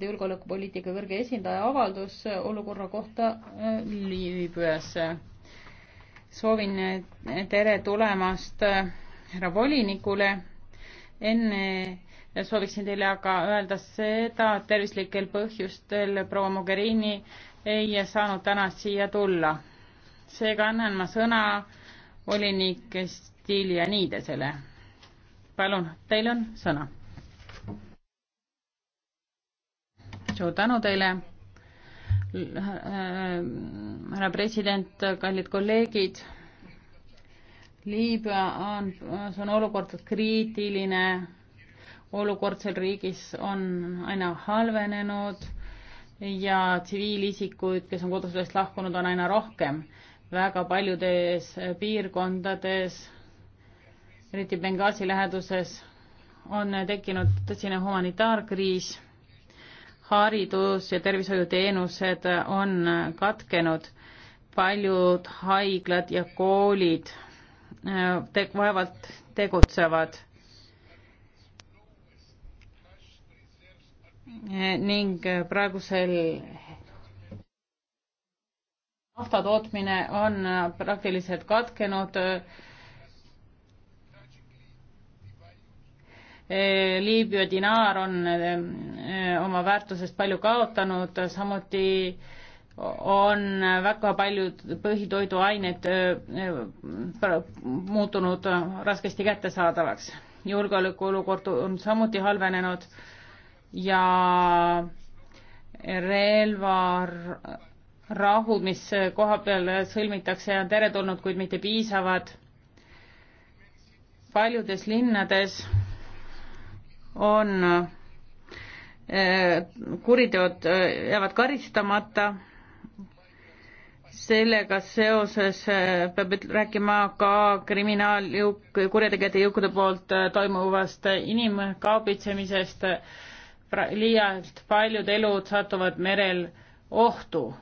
asjade julgeolekupoliitika kõrge esindaja avaldus olukorra kohta äh, Liibüas. soovin äh, tere tulemast äh, härra volinikule. enne sooviksin teile aga öelda seda, et tervislikel põhjustel proua Mogherini ei saanud täna siia tulla. seega annan ma sõna volinik Stiljanidesele. palun, teil on sõna suur tänu teile, härra president, kallid kolleegid. Liibüa on, see on olukord kriitiline, olukord seal riigis on aina halvenenud ja tsiviilisikuid, kes on kodusest lahkunud, on aina rohkem. väga paljudes piirkondades, eriti Benghazi läheduses, on tekkinud tõsine humanitaarkriis haridus ja tervishoiuteenused on katkenud, paljud haiglad ja koolid äh, te vaevalt tegutsevad. ning praegusel nafta tootmine on praktiliselt katkenud Eh, Liibüa dinaar on eh, oma väärtusest palju kaotanud, samuti on väga paljud põhitoiduained eh, muutunud raskesti kättesaadavaks. julgeolekuolukord on samuti halvenenud ja relvarahud, mis koha peal sõlmitakse, on teretulnud, kuid mitte piisavad. paljudes linnades on eh, kuriteod eh, jäävad karistamata. sellega seoses eh, peab rääkima ka kriminaaljõuk, kurjategijate jõukude poolt toimuvast inimkaubitsemisest. liialt paljud elud satuvad merel ohtu.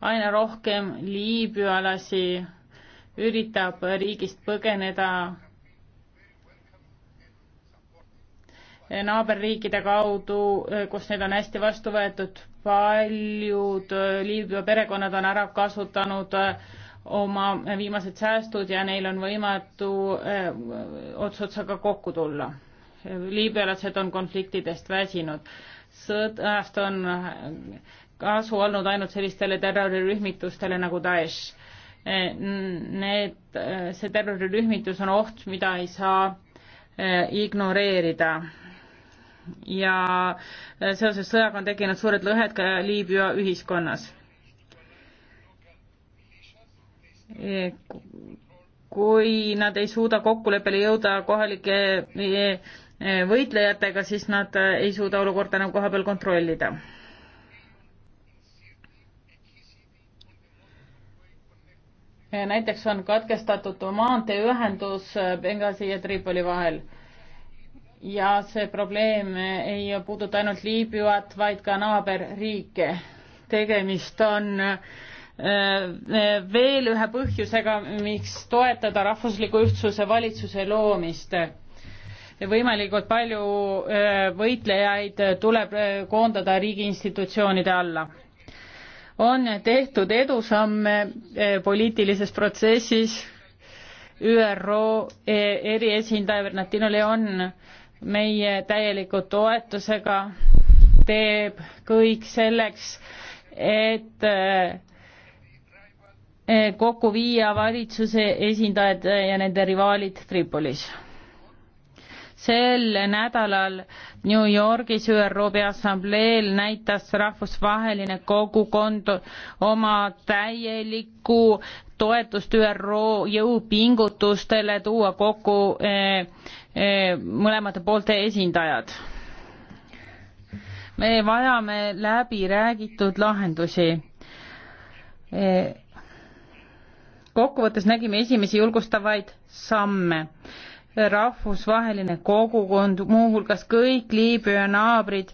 aina rohkem liibüalasi üritab riigist põgeneda naaberriikide kaudu, eh, kus need on hästi vastu võetud. paljud eh, Liibüa perekonnad on ära kasutanud eh, oma viimased säästud ja neil on võimatu ots otsaga kokku tulla. liibüalased on konfliktidest väsinud. sõdast on kasu olnud ainult sellistele terrorirühmitustele nagu Daesh. Need, see terrorirühmitus on oht, mida ei saa ignoreerida ja seoses sõjaga on tekkinud suured lõhed ka Liibüa ühiskonnas. kui nad ei suuda kokkuleppele jõuda kohalike eh, eh, võitlejatega, siis nad ei suuda olukorda enam kohapeal kontrollida. näiteks on katkestatud maanteeühendus Benghazi ja Tripoli vahel ja see probleem ei puuduta ainult Liibüat, vaid ka naaberriike. tegemist on äh, veel ühe põhjusega, miks toetada rahvusliku ühtsuse valitsuse loomist. võimalikult palju äh, võitlejaid tuleb äh, koondada riigi institutsioonide alla. on tehtud edusamme poliitilises protsessis, ÜRO eriesindaja Bernardino Leon meie täieliku toetusega, teeb kõik selleks, et eh, kokku viia valitsuse esindajad ja nende rivaalid Tripolis. sel nädalal New Yorgis ÜRO Peaassambleel näitas rahvusvaheline kogukond oma täielikku toetust ÜRO jõupingutustele tuua kokku eh, mõlemate poolte esindajad. me vajame läbiräägitud lahendusi kokkuvõttes nägime esimesi julgustavaid samme. rahvusvaheline kogukond, muuhulgas kõik Liibüa naabrid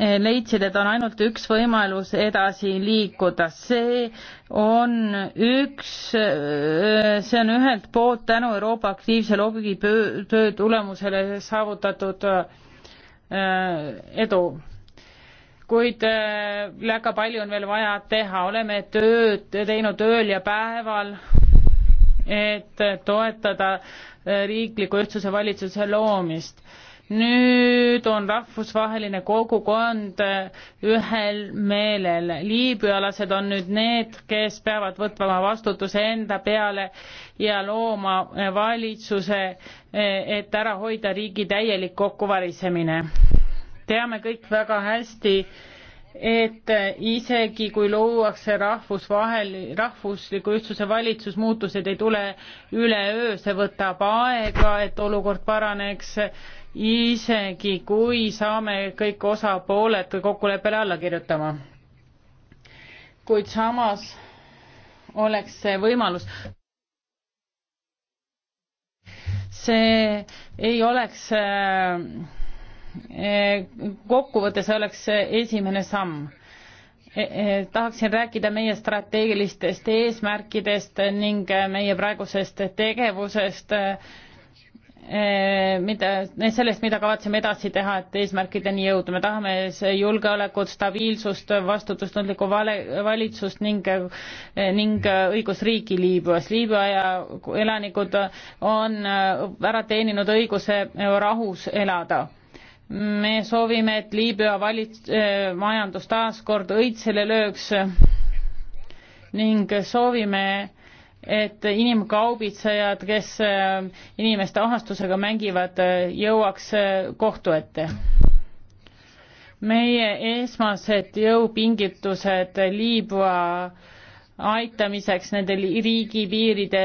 Eh, leidsid, et on ainult üks võimalus edasi liikuda. see on üks, eh, see on ühelt poolt tänu Euroopa aktiivse lobitöö tulemusele saavutatud eh, edu. kuid väga palju on veel vaja teha, oleme tööd teinud ööl ja päeval, et toetada riikliku ühtsuse valitsuse loomist nüüd on rahvusvaheline kogukond ühel meelel. liibüalased on nüüd need, kes peavad võtma vastutuse enda peale ja looma valitsuse, et ära hoida riigi täielik kokkuvarisemine. teame kõik väga hästi, et isegi kui luuakse rahvusvahel, rahvusliku ühtsuse valitsus, muutused ei tule üleöö, see võtab aega, et olukord paraneks isegi kui saame kõik osapooled kokkuleppele alla kirjutama. kuid samas oleks see võimalus. see ei oleks kokkuvõttes oleks esimene samm. E, e, tahaksin rääkida meie strateegilistest eesmärkidest ning meie praegusest tegevusest Eh, mida, sellest, mida kavatseme edasi teha, et eesmärkideni jõuda. me tahame julgeolekut, stabiilsust, vastutustundlikku vale, valitsust ning, eh, ning eh, õigusriiki Liibüas. Liibüa ja elanikud on ära teeninud õiguse rahus elada me soovime, et Liibüa valits-, majandus taas kord õitsele lööks ning soovime et inimkaubitsejad, kes äh, inimeste ahastusega mängivad, äh, jõuaks äh, kohtu ette. meie esmased jõupingitused Liibüa aitamiseks nende riigipiiride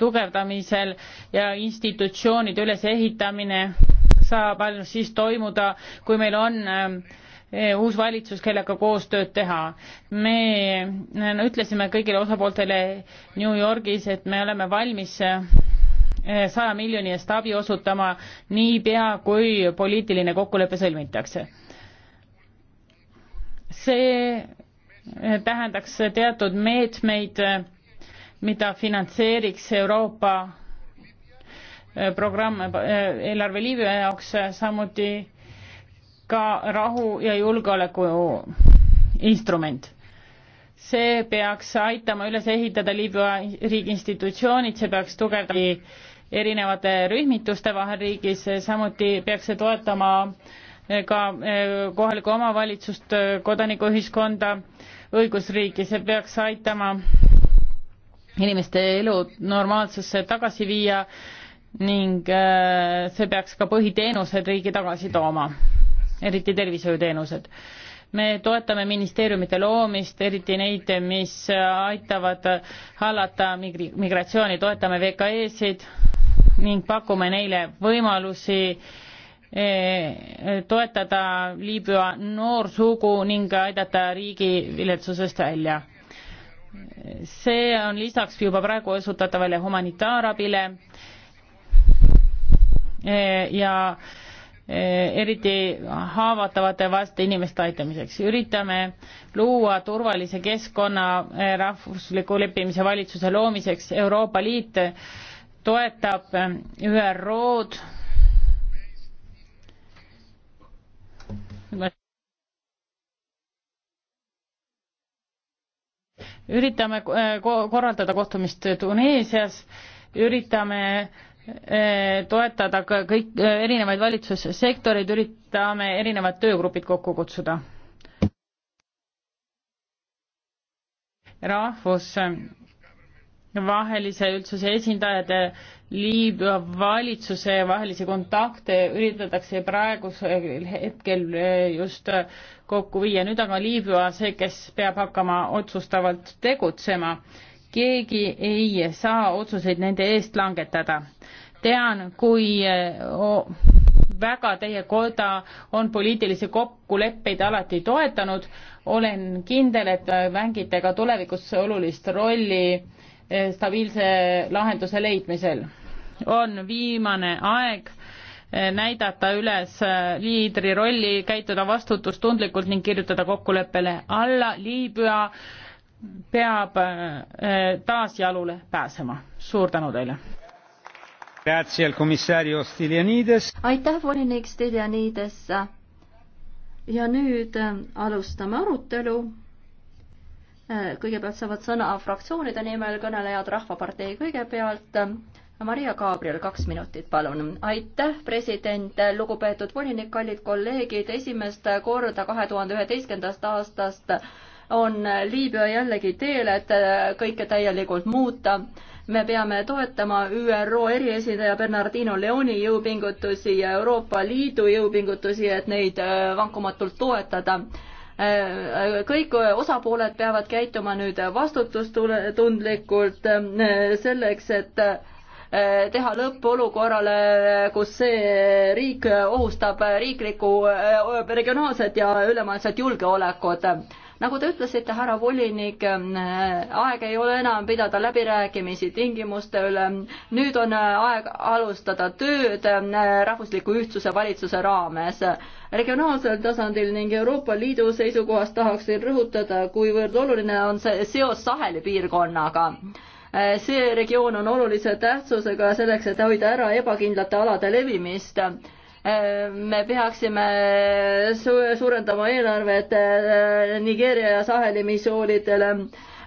tugevdamisel ja institutsioonide ülesehitamine saab ainult siis toimuda, kui meil on äh, Eh, uus valitsus, kellega koostööd teha. me no, ütlesime kõigile osapooltele New Yorgis, et me oleme valmis eh, saja miljoni eest abi osutama niipea, kui poliitiline kokkulepe sõlmitakse. see eh, tähendaks teatud meetmeid, mida finantseeriks Euroopa programm eelarve Liibüa jaoks, samuti ka rahu ja julgeoleku instrument. see peaks aitama üles ehitada Liibüa riigi institutsioonid, see peaks tugevdama erinevate rühmituste vahel riigis, samuti peaks see toetama eh, ka eh, kohalikku omavalitsust, eh, kodanikuühiskonda, õigusriiki, see peaks aitama inimeste elu normaalsusse tagasi viia ning see peaks ka põhiteenused riigi tagasi tooma eriti tervishoiuteenused. me toetame ministeeriumite loomist, eriti neid, mis aitavad hallata migri-, migratsiooni, toetame VKE-sid ning pakume neile võimalusi eh, toetada Liibüa noorsugu ning aidata riigi viletsusest välja see on lisaks juba praegu osutatavale humanitaarabile eh, ja Eh, eriti haavatavate vaste inimeste aitamiseks. üritame luua turvalise keskkonna eh, rahvusliku leppimise valitsuse loomiseks. Euroopa Liit toetab eh, ÜRO-d üritame korraldada kohtumist Tuneesias, üritame Eh, toetada ka kõik eh, erinevaid valitsussektoreid, üritame erinevad töögrupid kokku kutsuda. rahvusvahelise üldsuse esindajad, Liibüa valitsuse vahelisi kontakte üritatakse praegusel hetkel eh, just kokku viia, nüüd aga Liibüa see, kes peab hakkama otsustavalt tegutsema keegi ei saa otsuseid nende eest langetada. tean, kui väga teie koda on poliitilisi kokkuleppeid alati toetanud, olen kindel, et mängite ka tulevikus olulist rolli e, stabiilse lahenduse leidmisel. on viimane aeg e, näidata üles e, liidri rolli, käituda vastutustundlikult ning kirjutada kokkuleppele alla Liibüa äh, peab äh, taas jalule pääsema. suur tänu teile! aitäh, volinik Stiljanides! ja nüüd äh, alustame arutelu. Äh, kõigepealt saavad sõna fraktsioonide nimel kõnelejad Rahvapartei kõigepealt. Maria Gabriel, kaks minutit, palun. aitäh, president, lugupeetud volinik, kallid kolleegid, esimest korda kahe tuhande üheteistkümnendast aastast on Liibüa jällegi teel, et äh, kõike täielikult muuta. me peame toetama ÜRO eriesindaja Bernardino Leoni jõupingutusi ja Euroopa Liidu jõupingutusi, et neid äh, vankumatult toetada äh, kõik osapooled peavad käituma nüüd vastutustundlikult selleks, et teha lõpp olukorrale, kus see riik ohustab riiklikku, regionaalset ja ülemaailmset julgeolekut nagu te ütlesite, härra volinik, ähm, äh, aeg ei ole enam pidada läbirääkimisi tingimuste üle. nüüd on äh, aeg alustada tööd ähm, äh, rahvusliku ühtsuse valitsuse raames. regionaalsel tasandil ning Euroopa Liidu seisukohast tahaksin rõhutada, kuivõrd oluline on see seos Saheli piirkonnaga see regioon on olulise tähtsusega selleks, et hoida ära ebakindlate alade levimist Ehm, me peaksime su suurendama eelarvet eh, Nigeeria ja Saheli missioonidele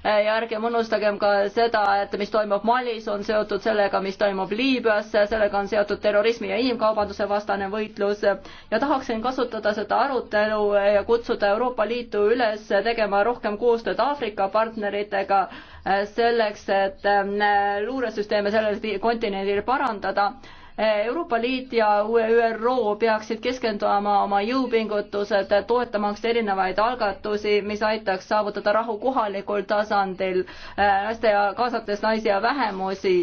eh, ja ärgem unustagem ka seda, et mis toimub Malis, on seotud sellega, mis toimub Liibüas, sellega on seotud terrorismi ja inimkaubanduse vastane võitlus ja tahaksin kasutada seda arutelu ja kutsuda Euroopa Liitu üles tegema rohkem koostööd Aafrika partneritega eh, selleks, et luuresüsteeme sellel kontinendil parandada Euroopa Liit ja ÜRO peaksid keskenduma oma jõupingutused toetamaks erinevaid algatusi, mis aitaks saavutada rahu kohalikul tasandil, naiste äh, ja kaasates naisi ja vähemusi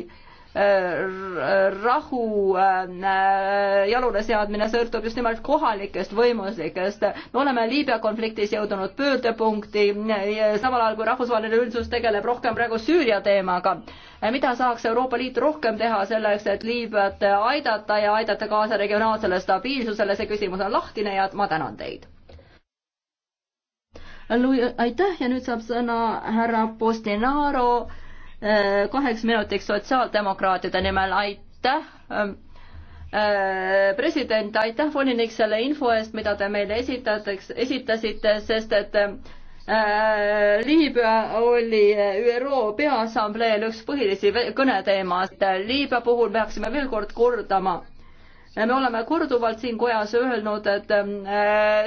Äh, rahu äh, äh, jalule seadmine sõltub just nimelt kohalikest võimuslikest. me oleme Liibüa konfliktis jõudnud pöördepunkti, samal ajal kui rahvusvaheline üldsus tegeleb rohkem praegu Süüria teemaga. mida saaks Euroopa Liit rohkem teha selleks, et Liibüat aidata ja aidata kaasa regionaalsele stabiilsusele, see küsimus on lahtine ja ma tänan teid. aitäh ja nüüd saab sõna härra Postinaro kaheks minutiks sotsiaaldemokraatide nimel, aitäh. Äh, president, aitäh volinik selle info eest, mida te meile esitatakse, esitasite, sest et äh, Liibüa oli äh, ÜRO Peaassambleel üks põhilisi kõneteemasid. Liibüa puhul peaksime veel kord kordama. me oleme korduvalt siin kojas öelnud, et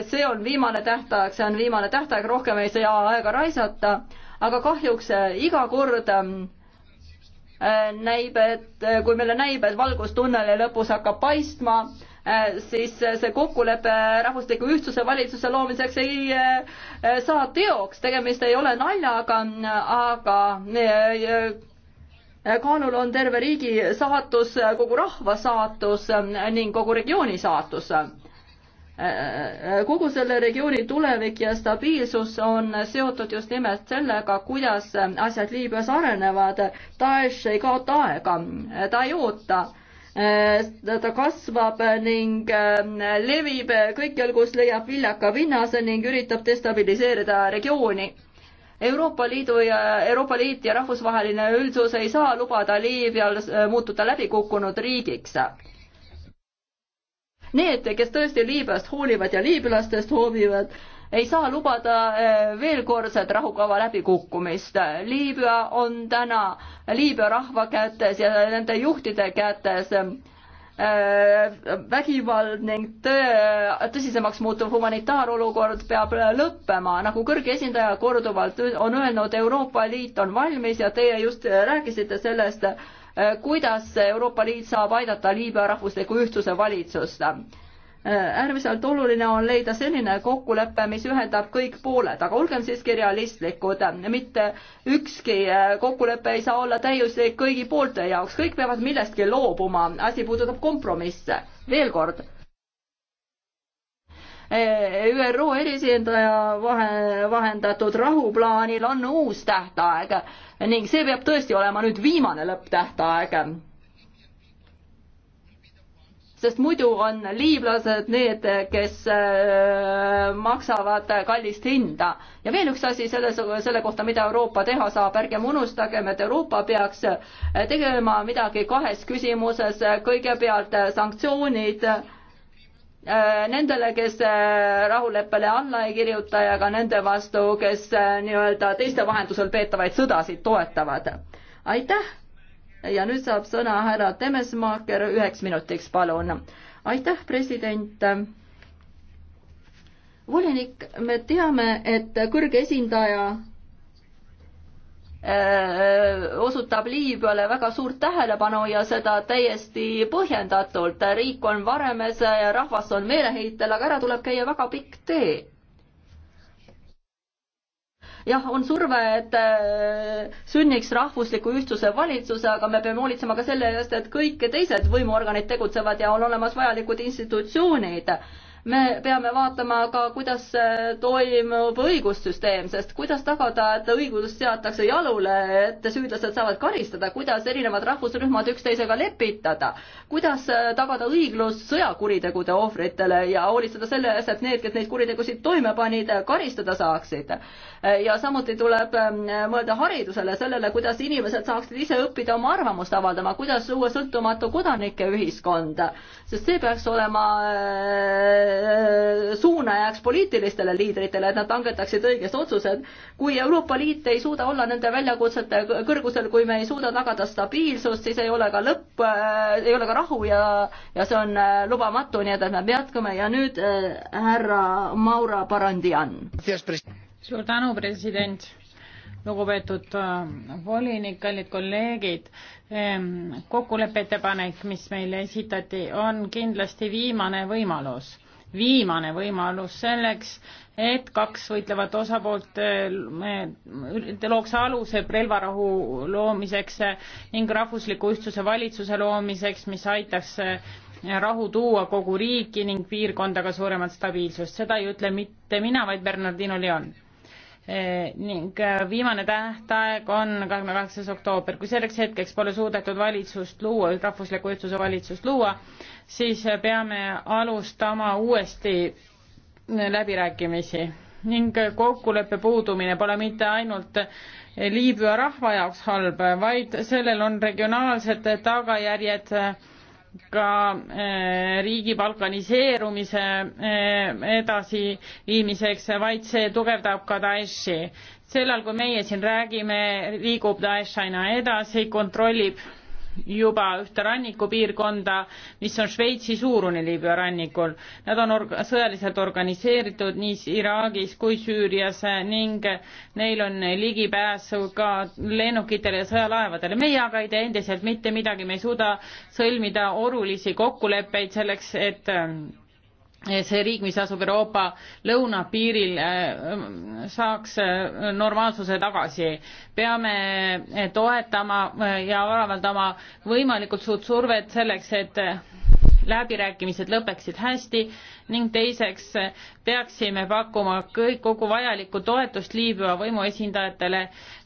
see on viimane tähtaeg, see on viimane tähtaeg, rohkem ei saa aega raisata aga kahjuks äh, iga kord ähm, äh, näib, et äh, kui meile näib, et valgustunneli lõpus hakkab paistma, siis see kokkulepe rahvusliku ühtsuse valitsuse loomiseks ei saa teoks, tegemist ei ole naljaga, aga kaalul on terve riigi saatus, kogu rahva saatus ning kogu regiooni saatus kogu selle regiooni tulevik ja stabiilsus on seotud just nimelt sellega, kuidas asjad Liibüas arenevad. Daesh ei kaota aega, ta ei oota. ta kasvab ning äh, levib kõikjal, kus leiab viljaka pinnase ning üritab destabiliseerida regiooni. Euroopa Liidu ja Euroopa Liit ja rahvusvaheline üldsus ei saa lubada Liibüal äh, muutuda läbikukkunud riigiks Need, kes tõesti Liibüast hoolivad ja liibülastest hoovivad, ei saa lubada eh, veelkordset rahukava läbikukkumist. Liibüa on täna Liibüa rahva kätes ja nende juhtide kätes eh, vägivald ning tõe, tõsisemaks muutuv humanitaarolukord peab lõppema. nagu kõrge esindaja korduvalt on öelnud, Euroopa Liit on valmis ja teie just rääkisite sellest, Äh, kuidas Euroopa Liit saab aidata Liibüa rahvusliku ühtsuse valitsust äh, äärmiselt oluline on leida selline kokkulepe, mis ühendab kõik pooled, aga olgem siiski realistlikud, mitte ükski äh, kokkulepe ei saa olla täiuslik kõigi poolte jaoks, kõik peavad millestki loobuma, asi puudutab kompromisse. veel kord, ÜRO eriesindaja vahe, vahendatud rahuplaanil on uus tähtaeg ning see peab tõesti olema nüüd viimane lõpptähtaeg. sest muidu on liiblased need, kes äh, maksavad kallist hinda. ja veel üks asi selles, selle kohta, mida Euroopa teha saab, ärgem unustagem, et Euroopa peaks äh, tegema midagi kahes küsimuses, kõigepealt sanktsioonid Äh, nendele, kes äh, rahuleppele alla ei kirjuta ja ka nende vastu, kes äh, nii-öelda teiste vahendusel peetavaid sõdasid toetavad. aitäh ja nüüd saab sõna härra Temesmaaker üheks minutiks, palun. aitäh, president. volinik, me teame, et kõrge esindaja Äh, osutab Liibüale väga suurt tähelepanu ja seda täiesti põhjendatult. riik on varemes, rahvas on meeleheitel, aga ära tuleb käia väga pikk tee. jah, on surve, et äh, sünniks rahvusliku ühtsuse valitsus, aga me peame hoolitsema ka selle eest, et kõik teised võimuorganid tegutsevad ja on olemas vajalikud institutsioonid me peame vaatama ka, kuidas toimub õigussüsteem, sest kuidas tagada, et õigus seatakse jalule, et süüdlased saavad karistada, kuidas erinevad rahvusrühmad üksteisega lepitada, kuidas tagada õiglus sõjakuritegude ohvritele ja hoolitseda selle eest, et need, kes neid kuritegusid toime panid, karistada saaksid. ja samuti tuleb ähm, mõelda haridusele, sellele, kuidas inimesed saaksid ise õppida oma arvamust avaldama, kuidas luua sõltumatu kodanike ühiskonda, sest see peaks olema äh, Äh, suunajaks poliitilistele liidritele, et nad langetaksid õiged otsused. kui Euroopa Liit ei suuda olla nende väljakutsete kõrgusel, kui me ei suuda tagada stabiilsust, siis ei ole ka lõpp, äh, ei ole ka rahu ja, ja see on äh, lubamatu, nii et, et me jätkame ja nüüd härra Maura Barandian. suur tänu, president lugupeetud volinik, kallid kolleegid, ehm, kokkuleppe ettepanek, mis meile esitati, on kindlasti viimane võimalus viimane võimalus selleks, et kaks võitlevat osapoolt eh, looks aluse relvarahu loomiseks ning rahvusliku ühtsuse valitsuse loomiseks, mis aitaks eh, rahu tuua kogu riiki ning piirkonda ka suuremat stabiilsust. seda ei ütle mitte mina, vaid Bernardino Leon Eh, ning eh, viimane tähtaeg on kahekümne kaheksas oktoober. kui selleks hetkeks pole suudetud valitsust luua, rahvusliku ühtsuse valitsust luua, siis eh, peame alustama uuesti läbirääkimisi ning kokkuleppe puudumine pole mitte ainult Liibüa rahva jaoks halb, vaid sellel on regionaalsed tagajärjed ka eh, riigi balkaniseerumise eh, edasiviimiseks, vaid see tugevdab ka Daeshi. sellal, kui meie siin räägime, liigub Daesh aina edasi, kontrollib juba ühte rannikupiirkonda, mis on Šveitsi suurune Liibüa rannikul. Nad on org sõjaliselt organiseeritud nii Iraagis kui Süürias ning neil on ligipääs ka lennukitele ja sõjalaevadele. meie aga ei tee endiselt mitte midagi, me ei suuda sõlmida olulisi kokkuleppeid selleks, et see riik, mis asub Euroopa lõunapiiril, äh, saaks äh, normaalsuse tagasi. peame äh, toetama ja avaldama võimalikult suurt survet selleks, et läbirääkimised lõpeksid hästi ning teiseks eh, peaksime pakkuma kõik, kogu vajalikku toetust Liibüa võimuesindajatele,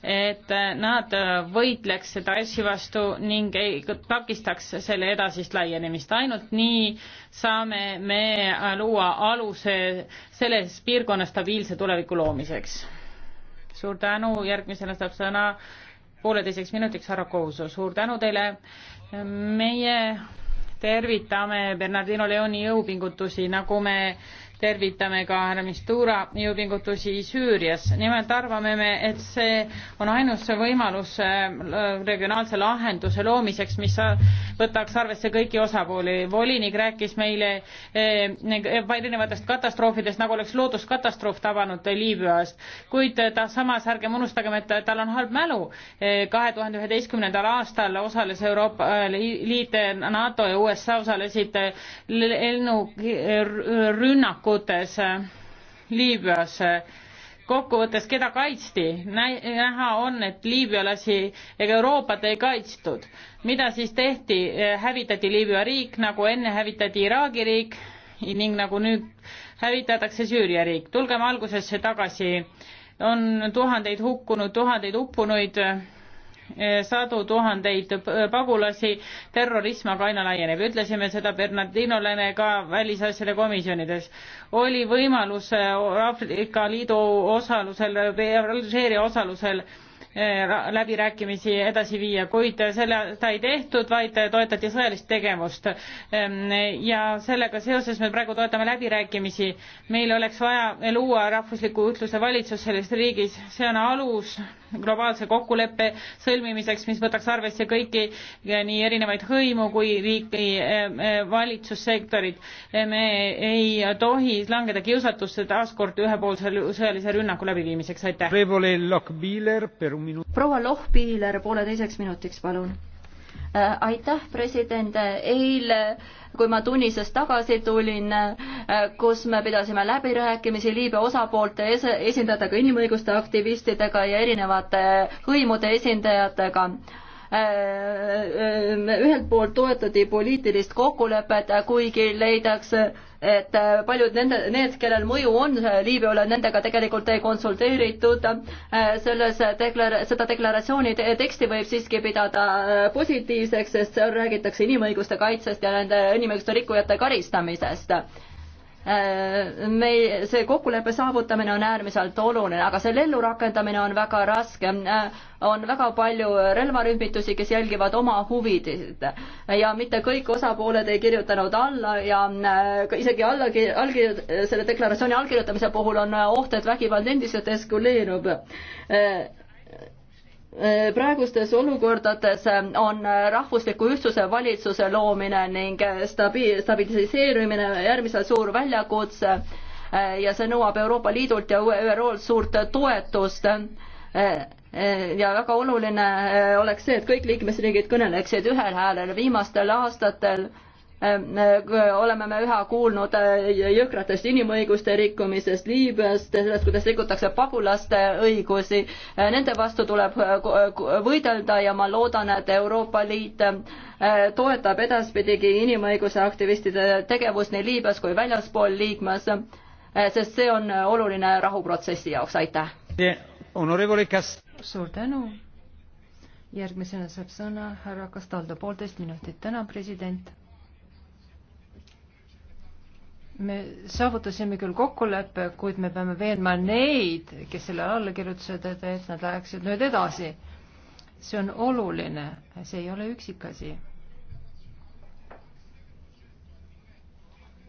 et eh, nad eh, võitleks Daeshi vastu ning ei takistaks selle edasist laienemist. ainult nii saame me luua aluse selles piirkonnas stabiilse tuleviku loomiseks. suur tänu, järgmisena saab sõna pooleteiseks minutiks härra Kousu, suur tänu teile. meie tervitame Bernardino Leoni jõupingutusi, nagu me tervitame ka härra Mistura jõupingutusi Süürias. nimelt arvame me, et see on ainus võimalus äh, regionaalse lahenduse loomiseks, mis võtaks arvesse kõiki osapooli. volinik rääkis meile äh, äh, erinevatest katastroofidest, nagu oleks looduskatastroof tabanud Liibüas, kuid ta samas, ärgem unustagem, et tal on halb mälu. kahe tuhande üheteistkümnendal aastal osales Euroopa Liit, NATO ja USA osalesid lennurünnaku rünnakutes äh, Liibüas. Äh, kokkuvõttes, keda kaitsti? näha on, et liibüalasi ega Euroopat ei kaitstud. mida siis tehti? Äh, hävitati Liibüa riik, nagu enne hävitati Iraagi riik ning nagu nüüd hävitatakse Süüria riik. tulgem algusesse tagasi. on tuhandeid hukkunud, tuhandeid uppunuid sadu tuhandeid pagulasi, terrorism aga aina laieneb. ütlesime seda Bernardino Lene ka välisasjade komisjonides. oli võimalus äh, Aafrika Liidu osalusel, Alžeeria osalusel Eh, läbirääkimisi edasi viia, kuid selle, seda ei tehtud, vaid toetati sõjalist tegevust. Ehm, ja sellega seoses me praegu toetame läbirääkimisi. meil oleks vaja luua rahvusliku ühtluse valitsus selles riigis, see on alus globaalse kokkuleppe sõlmimiseks, mis võtaks arvesse kõiki nii erinevaid hõimu kui riigi ehm, ehm, valitsussektorit. me ei tohi langeda kiusatusse taaskord ühepoolse sõjalise rünnaku läbiviimiseks, aitäh proua Lohpiiler pooleteiseks minutiks, palun äh, aitäh, president, eile kui ma tunnisest tagasi tulin, äh, kus me pidasime läbirääkimisi Liibüa osapoolte esindajatega, inimõiguste aktivistidega ja erinevate hõimude esindajatega Äh, äh, ühelt poolt toetati poliitilist kokkulepet, kuigi leidakse, et paljud nende, need, kellel mõju on Liibüale, nendega tegelikult ei konsulteeritud. Äh, selles deklar-, seda deklaratsiooni teksti võib siiski pidada positiivseks, sest seal räägitakse inimõiguste kaitsest ja nende inimõiguste rikkujate karistamisest Äh, me, see kokkuleppe saavutamine on äärmiselt oluline, aga selle ellurakendamine on väga raske. Äh, on väga palju relvarühmitusi, kes jälgivad oma huvisid ja mitte kõik osapooled ei kirjutanud alla ja äh, isegi alla, allkirja, selle deklaratsiooni allkirjutamise puhul on oht, et vägivald endiselt eskaleerub praegustes olukordades on rahvusliku ühtsuse valitsuse loomine ning stabi-, stabiliseerimine järgmiselt suur väljakutse eh, ja see nõuab Euroopa Liidult ja ÜRO-lt suurt toetust eh, ja väga oluline eh, oleks see, et kõik liikmesriigid kõneleksid ühel häälel. viimastel aastatel Äh, äh, oleme me üha kuulnud äh, jõhkratest inimõiguste rikkumisest Liibüast, sellest, kuidas rikutakse pagulaste õigusi. Nende vastu tuleb võidelda ja ma loodan, et Euroopa Liit toetab edaspidigi inimõiguse aktivistide tegevust nii Liibüas kui väljaspool liikmes, sest see on oluline rahuprotsessi jaoks, aitäh. suur tänu järgmisena saab sõna härra Castaldo, poolteist minutit. tänan, president me saavutasime küll kokkuleppe, kuid me peame veenma neid, kes selle alla kirjutasid, et, et nad läheksid nüüd edasi. see on oluline, see ei ole üksikasi.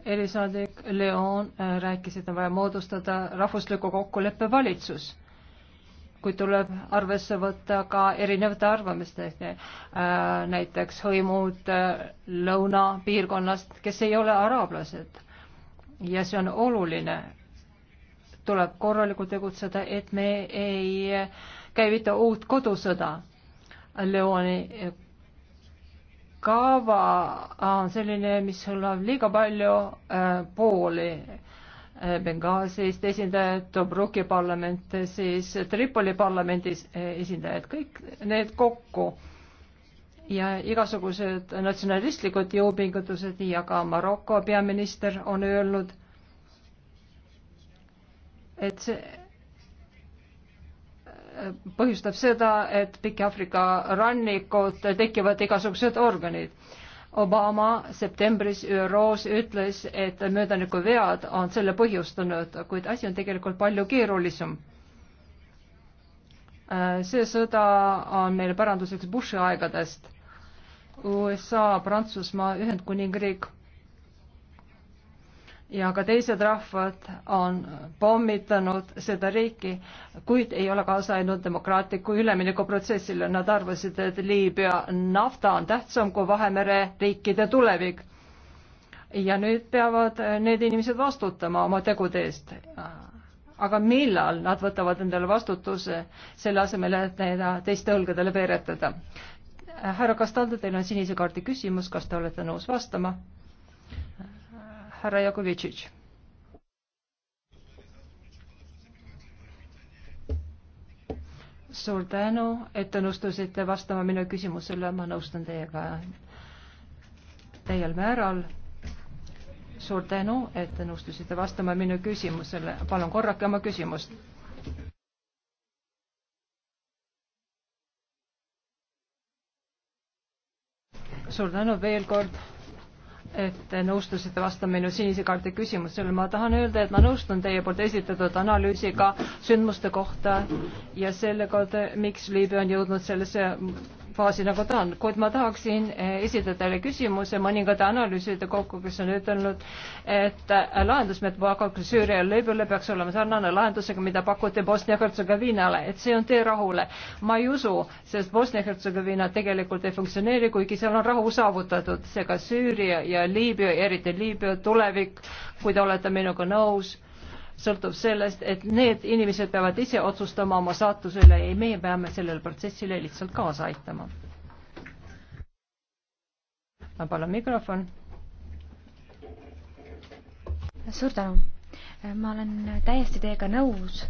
erisaadik Leon äh, rääkis, et on vaja moodustada rahvusliku kokkuleppe valitsus kui tuleb arvesse võtta ka erinevate arvamistest, äh, näiteks hõimud äh, lõunapiirkonnast, kes ei ole araablased ja see on oluline. tuleb korralikult tegutseda, et me ei käivita uut kodusõda. Leoni kava on selline, mis hõlmab liiga palju äh, pooli. Äh, Benghazist esindajad, Tobruki parlament, siis Tripoli parlamendis esindajad, kõik need kokku äh, ja igasugused natsionalistlikud jõupingutused ja ka Maroko peaminister on öelnud, et see äh, põhjustab seda, et pikki Aafrika rannikud tekivad igasugused organid. Obama septembris ÜRO-s ütles, et möödaniku vead on selle põhjustanud, kuid asi on tegelikult palju keerulisem. Äh, see sõda on meile päranduseks Bushi aegadest USA, Prantsusmaa, Ühendkuningriik ja ka teised rahvad on pommitanud seda riiki, kuid ei ole kaasa ainult demokraatliku üleminekuprotsessile. Nad arvasid, et Liibüa nafta on tähtsam kui Vahemere riikide tulevik. ja nüüd peavad need inimesed vastutama oma tegude eest. aga millal nad võtavad endale vastutuse, selle asemel, et neid teiste õlgadele veeretada härra Kastaldo, teil on sinise kaardi küsimus, kas te olete nõus vastama? härra Jakovitšitš. suur tänu, et te nõustusite vastama minu küsimusele, ma nõustun teiega täiel määral. suur tänu, et te nõustusite vastama minu küsimusele, palun korrake oma küsimust suur tänu veel kord, et te nõustusite vastama minu sinise kaardi küsimusele. ma tahan öelda, et ma nõustun teie poolt esitatud analüüsiga sündmuste kohta ja selle kohta, miks Liibüa on jõudnud sellesse faasi, nagu ta on, kuid ma tahaksin eh, esitada teile küsimuse mõningate analüüside kokku, kes on ütelnud, et lahendus, mida pakutakse Süüria lõibule, peaks olema sarnane lahendusega, mida pakuti Bosnia-Hertsegoviinale, et see on tee rahule. ma ei usu, sest Bosnia-Hertsegoviina tegelikult ei funktsioneeri, kuigi seal on rahu saavutatud, seega Süüria ja Liibüa, eriti Liibüa tulevik, kui te olete minuga nõus sõltub sellest, et need inimesed peavad ise otsustama oma saatuse üle, ei, meie peame sellele protsessile lihtsalt kaasa aitama. ma palun mikrofon. suur tänu. ma olen täiesti teiega nõus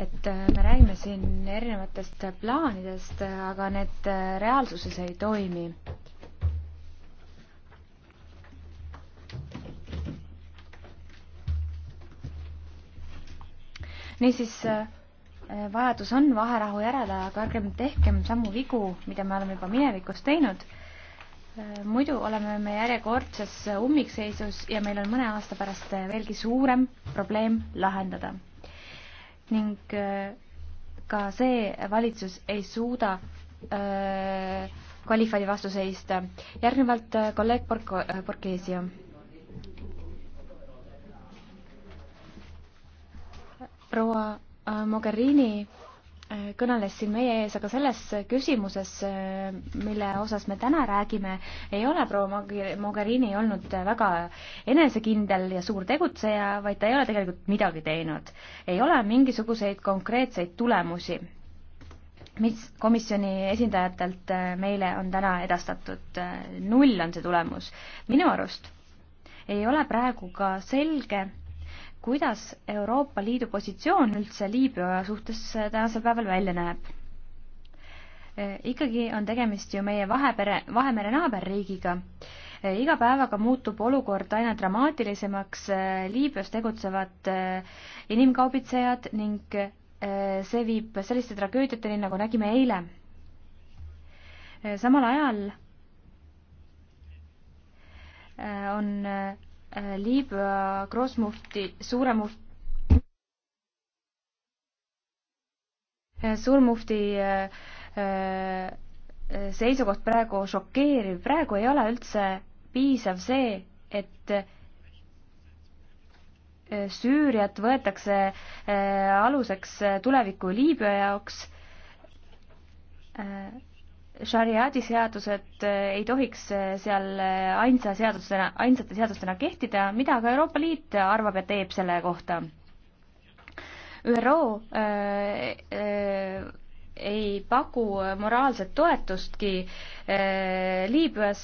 et me räägime siin erinevatest plaanidest, aga need reaalsuses ei toimi. niisiis, äh, vajadus on vaherahu järele, aga ärgem tehkem samu vigu, mida me oleme juba minevikus teinud. Äh, muidu oleme me järjekordses ummikseisus ja meil on mõne aasta pärast äh, veelgi suurem probleem lahendada. ning ka see valitsus ei suuda kvalifikaadi vastu seista. järgnevalt kolleeg Bork-, Borghesio proua äh, Mogherini äh, kõneles siin meie ees, aga selles küsimuses, äh, mille osas me täna räägime, ei ole proua Mogherini olnud väga enesekindel ja suur tegutseja, vaid ta ei ole tegelikult midagi teinud. ei ole mingisuguseid konkreetseid tulemusi, mis komisjoni esindajatelt meile on täna edastatud. null on see tulemus. minu arust ei ole praegu ka selge kuidas Euroopa Liidu positsioon üldse Liibüa suhtes tänasel päeval välja näeb? E, ikkagi on tegemist ju meie vahepere, Vahemere naaberriigiga. E, iga päevaga muutub olukord aina dramaatilisemaks, e, Liibüas tegutsevad inimkaubitsejad ning see viib selliste tragöödiateni, nagu nägime eile. samal ajal on Äh, Liibüa äh, grossmufti, suuremufti äh, suurmufti seisukoht praegu šokeeriv, praegu ei ole üldse piisav see, et Süüriat võetakse aluseks tuleviku Liibüa jaoks šariaadi seadused eh, ei tohiks eh, seal eh, ainsa seadusena, ainsate seadustena kehtida, mida ka Euroopa Liit arvab ja teeb selle kohta. ÜRO äh, äh, ei paku moraalset toetustki äh, Liibüas,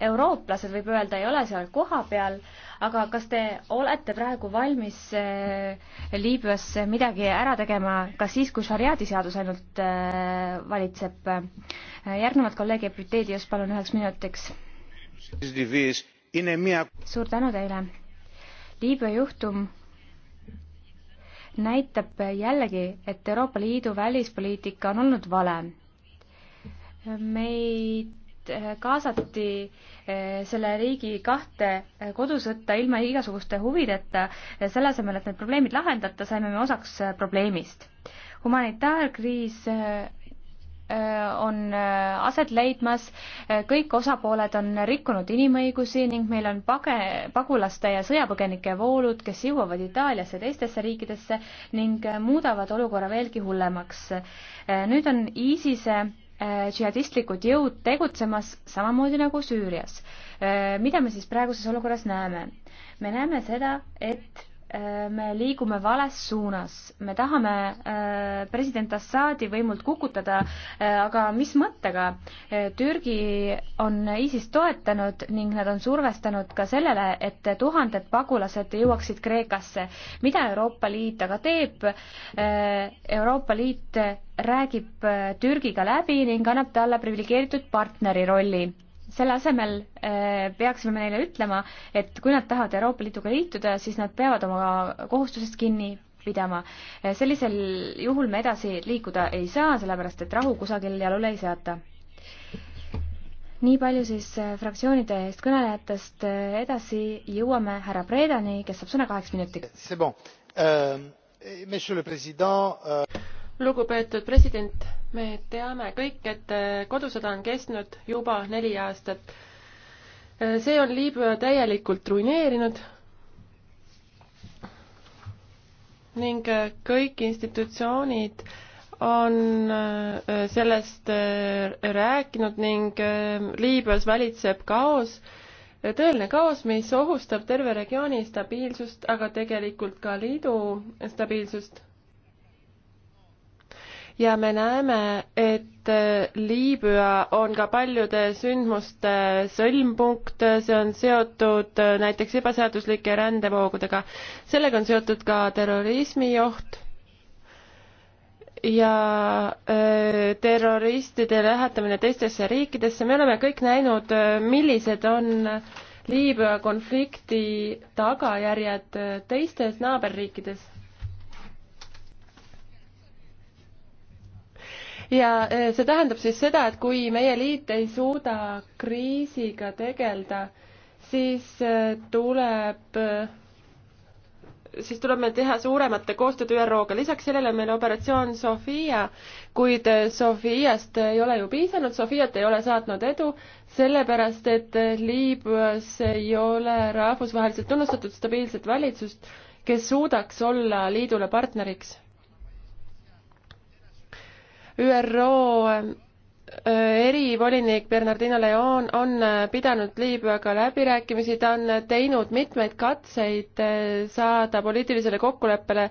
eurooplased võib öelda, ei ole seal kohapeal äh,, aga kas te olete praegu valmis äh, Liibüas midagi ära tegema ka siis, kui šariaadi seadus ainult äh, valitseb? Äh, järgnevalt kolleeg Epiteedios, palun üheks minutiks. suur tänu teile. Liibüa juhtum näitab jällegi, et Euroopa Liidu välispoliitika on olnud vale. meid kaasati Eh, selle riigi kahte eh, kodusõtta ilma igasuguste huvideta, selle asemel, et need probleemid lahendada, saime me osaks eh, probleemist. humanitaarkriis on aset leidmas, kõik osapooled on rikkunud inimõigusi ning meil on page-, pagulaste ja sõjapõgenike voolud, kes jõuavad Itaaliasse ja teistesse riikidesse ning muudavad olukorra veelgi hullemaks. nüüd on ISISe Äh, džihadistlikud jõud tegutsemas samamoodi nagu Süürias. Äh, mida me siis praeguses olukorras näeme? me näeme seda, et Äh, me liigume vales suunas. me tahame äh, president Assadi võimult kukutada, äh, aga mis mõttega? Türgi on ISIS toetanud ning nad on survestanud ka sellele, et tuhanded pagulased jõuaksid Kreekasse. mida Euroopa Liit aga teeb? Euroopa Liit räägib Türgiga läbi ning annab talle priviligeeritud partneri rolli selle asemel äh, peaksime me neile ütlema, et kui nad tahavad Euroopa Liiduga liituda, siis nad peavad oma kohustusest kinni pidama. Äh, sellisel juhul me edasi liikuda ei saa, sellepärast et rahu kusagil jalule ei seata. nii palju siis äh, fraktsioonide eest kõnelejatest, edasi jõuame härra Predani, kes saab sõna kaheks minutiks. Bon. Euh, euh, lugupeetud president me teame kõik, et äh, kodusõda on kestnud juba neli aastat. Äh, see on Liibüa täielikult ruineerinud ning äh, kõik institutsioonid on sellest rääkinud ning Liibüas valitseb kaos, tõeline kaos, mis ohustab terve regiooni stabiilsust, aga tegelikult ka liidu stabiilsust ja me näeme, et äh, Liibüa on ka paljude sündmuste äh, sõlmpunkt, see on seotud äh, näiteks ebaseaduslike rändevoogudega. sellega on seotud ka terrorismioht ja terroristide lähetamine teistesse riikidesse, me oleme kõik näinud, millised on Liibüa konflikti tagajärjed teistes naaberriikides ja eh, see tähendab siis seda, et kui meie liit ei suuda kriisiga tegeleda, siis eh, tuleb eh, siis tuleb meil teha suuremat koostööd ÜRO-ga, lisaks sellele on meil operatsioon Sofia, kuid Sofiast ei ole ju piisanud, Sofiat ei ole saatnud edu, sellepärast et Liibüas ei ole rahvusvaheliselt tunnustatud stabiilset valitsust, kes suudaks olla liidule partneriks ÜRO äh, erivolinik Bernardino Leon on äh, pidanud Liibüaga läbirääkimisi, ta on äh, teinud mitmeid katseid saada poliitilisele kokkuleppele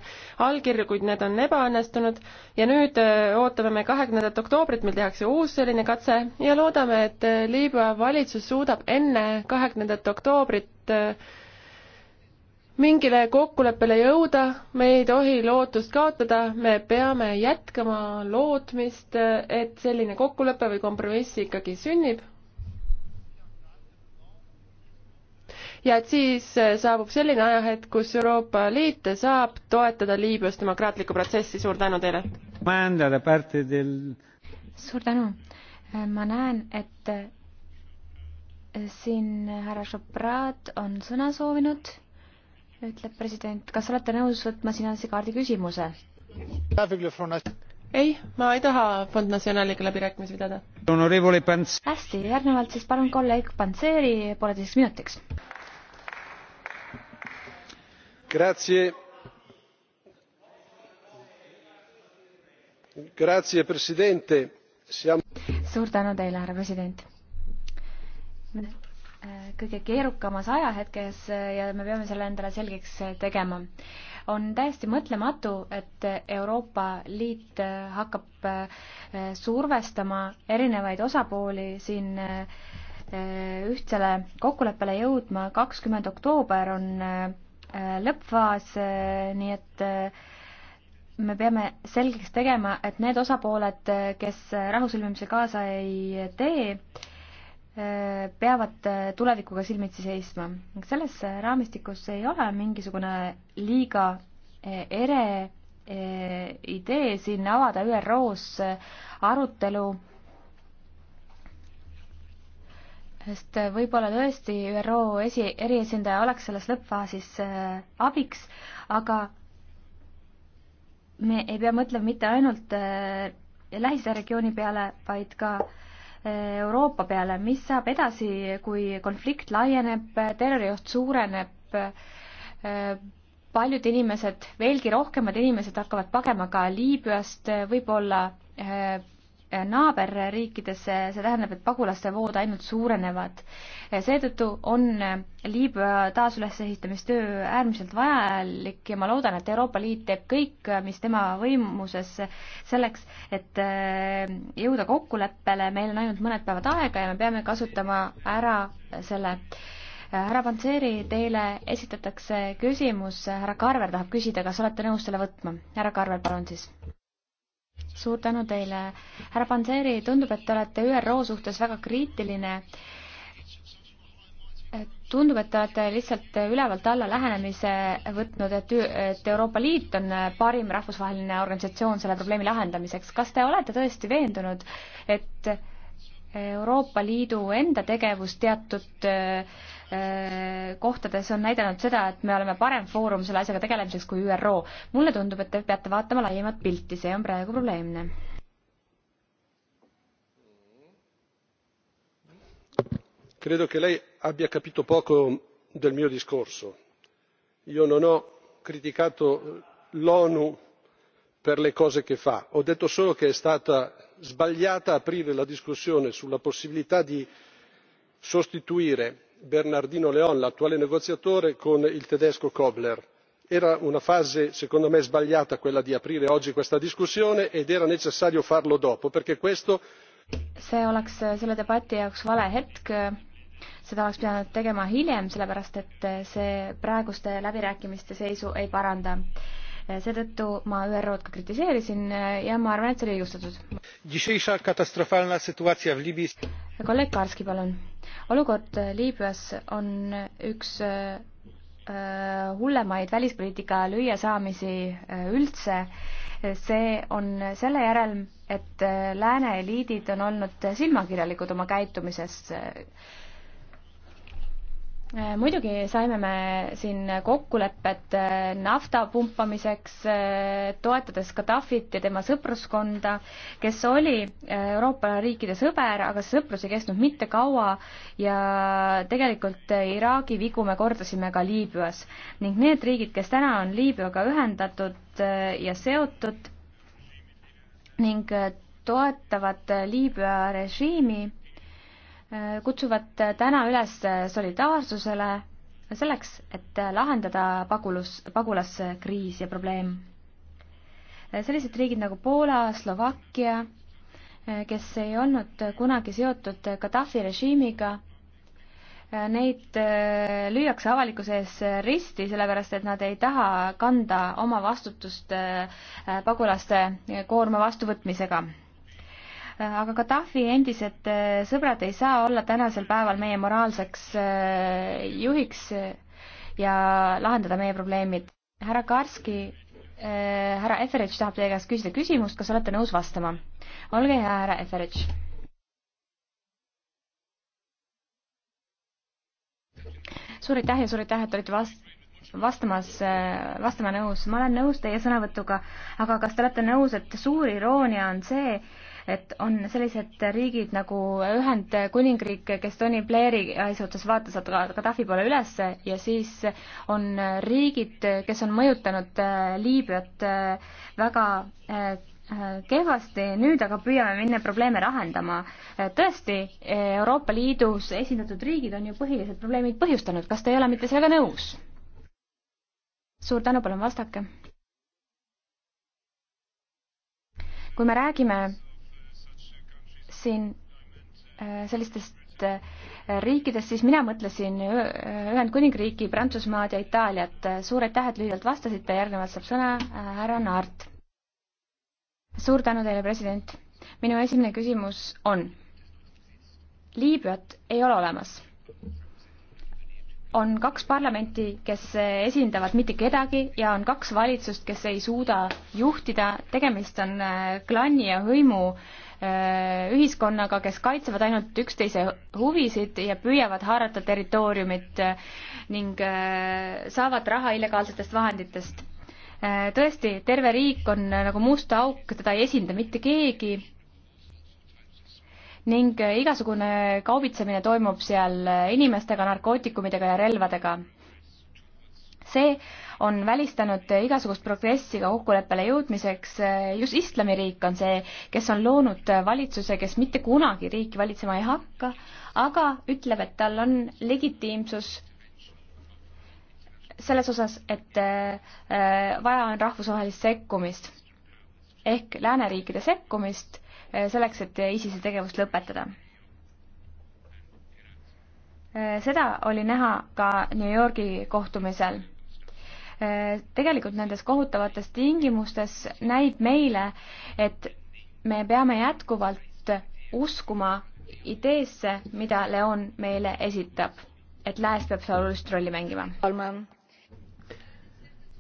allkirju, kuid need on ebaõnnestunud ja nüüd ootame me kahekümnendat oktoobrit, mil tehakse uus selline katse ja loodame, et Liibüa valitsus suudab enne kahekümnendat oktoobrit mingile kokkuleppele jõuda, me ei tohi lootust kaotada, me peame jätkama lootmist, et selline kokkulepe või kompromiss ikkagi sünnib. ja et siis saabub selline ajahetk, kus Euroopa Liit saab toetada Liibüas demokraatlikku protsessi, suur tänu teile! suur tänu! ma näen, et siin härra Šoprat on sõna soovinud ütleb president, kas olete nõus võtma sinise kaardi küsimuse? ei, ma ei taha Fond Nationaliga läbirääkimisi pidada. hästi, järgnevalt siis palun kolleeg Panseri pooleteiseks minutiks. Grazie. Grazie, presidente. Siamo... suur tänu teile, härra president kõige keerukamas ajahetkes äh, ja me peame selle endale selgeks äh, tegema. on täiesti mõtlematu, et Euroopa Liit äh, hakkab survestama erinevaid osapooli siin ühtsele kokkuleppele jõudma. kakskümmend oktoober on lõppfaas, nii et me peame selgeks tegema, et need osapooled, kes rahusõlmimise kaasa ei tee, peavad tulevikuga silmitsi seisma. selles raamistikus ei ole mingisugune liiga e, ere e, idee siin avada ÜRO-s arutelu, sest võib-olla tõesti ÜRO esi, eriesindaja oleks selles lõppfaasis e, abiks, aga me ei pea mõtlema mitte ainult Lähis-Ida regiooni peale, vaid ka äh, Euroopa peale, mis saab edasi, kui konflikt laieneb, terrorioht suureneb, paljud inimesed, veelgi rohkemad inimesed hakkavad pagema ka Liibüast, võib-olla Eh, naaberriikidesse, see tähendab, et pagulaste vood ainult suurenevad. Eh, seetõttu on eh, Liibüa taasülesehitamistöö äärmiselt vajalik ja ma loodan, et Euroopa Liit teeb kõik, mis tema võimuses selleks, et jõuda kokkuleppele, meil on ainult mõned päevad aega ja me peame kasutama ära selle härra Panseri, teile esitatakse küsimus, härra Karver tahab küsida, kas olete nõus selle võtma? härra Karver, palun siis suur tänu teile. härra Panseri, tundub, et te olete ÜRO suhtes väga kriitiline. tundub, et te olete lihtsalt ülevalt alla lähenemise võtnud, et, et Euroopa Liit on parim rahvusvaheline organisatsioon selle probleemi lahendamiseks. kas te olete tõesti veendunud, et Euroopa Liidu enda tegevus teatud äh, Äh, kohtades on näidanud seda, et me oleme parem foorum selle asjaga tegelemiseks kui ÜRO. mulle tundub, et te peate vaatama laiemat pilti, see on praegu probleemne. credo che lei abbia capito poco del mio discorso. io non ho criticato l'onu per le cose che fa ho detto solo che è stato sbagliato aprire la discussione sulla possibilità di sostituire bernardino leon l'attuale negoziatore con il tedesco kobler. era una fase secondo me sbagliata quella di aprire oggi questa discussione ed era necessario farlo dopo perché questo. see oleks eh, selle debati jaoks vale hetk seda oleks pidanud tegema hiljem sellepärast et eh, see praeguste läbirääkimiste seisu ei paranda eh, seetõttu ma ÜRO-d ka kritiseerisin ja ma arvan, et see oli õigustatud. kolleeg Karski, palun olukord Liibüas on üks äh, hullemaid välispoliitika lüüasaamisi äh, üldse. see on selle järel, et äh, lääne eliidid on olnud silmakirjalikud oma käitumises Äh, muidugi saime me siin kokkulepped äh, nafta pumpamiseks, äh, toetades Gaddafit ja tema sõpruskonda, kes oli Euroopa riikide sõber, aga see sõprus ei kestnud mitte kaua ja tegelikult Iraagi vigu me kordasime ka Liibüas. ning need riigid, kes täna on Liibüaga ühendatud ja seotud ning toetavad Liibüa režiimi, kutsuvad täna üles solidaarsusele selleks, et lahendada pagulus, pagulaskriis ja probleem. sellised riigid nagu Poola, Slovakkia, kes ei olnud kunagi seotud Gaddafi režiimiga, neid eh, lüüakse avalikkuse ees risti, sellepärast et nad ei taha kanda oma vastutust eh, pagulaste koorma vastuvõtmisega aga Gaddafi endised äh, sõbrad ei saa olla tänasel päeval meie moraalseks äh, juhiks äh, ja lahendada meie probleemid. härra Karski, härra Eferitš tahab teie käest küsida küsimust, kas olete nõus vastama? olge hea, härra Eferitš. suur aitäh ja suur aitäh, et olite vast-, vastamas, vastama nõus. ma olen nõus teie sõnavõtuga, aga kas te olete nõus, et suur iroonia on see, et on sellised riigid nagu Ühendkuningriik, kes Tony Blairi suhtes vaatas Gaddafi poole üles ja siis on riigid, kes on mõjutanud äh, Liibüat äh, väga äh, kehvasti, nüüd aga püüame minna probleeme lahendama. tõesti, Euroopa Liidus esindatud riigid on ju põhilised probleemid põhjustanud, kas te ei ole mitte sellega nõus? suur tänu, palun vastake. kui me räägime siin äh, sellistest äh, riikidest, siis mina mõtlesin äh, Ühendkuningriiki, Prantsusmaad ja Itaaliat. suur aitäh, et lühidalt vastasite, järgnevalt saab sõna härra Naart. suur tänu teile, president. minu esimene küsimus on. Liibüat ei ole olemas. on kaks parlamenti, kes esindavad mitte kedagi ja on kaks valitsust, kes ei suuda juhtida, tegemist on klanni ja hõimu äh, Äh, ühiskonnaga, kes kaitsevad ainult üksteise huvisid ja püüavad haarata territooriumit äh, ning äh, saavad raha illegaalsetest vahenditest. tõesti, terve riik on nagu must auk, teda ei esinda mitte keegi ning igasugune kaubitsemine toimub seal inimestega, narkootikumidega ja relvadega. see on välistanud igasugust progressi ka kokkuleppele jõudmiseks. just islamiriik on see, kes on loonud valitsuse, kes mitte kunagi riiki valitsema ei hakka, aga ütleb, et tal on legitiimsus selles osas, et äh, vaja on rahvusvahelist sekkumist ehk lääneriikide sekkumist äh, selleks, et ISISe tegevust lõpetada. Äh, seda oli näha ka New Yorgi kohtumisel Äh, tegelikult nendes kohutavates tingimustes näib meile, et me peame jätkuvalt uskuma ideesse, mida Leon meile esitab, et lääs peab seal olulist rolli mängima.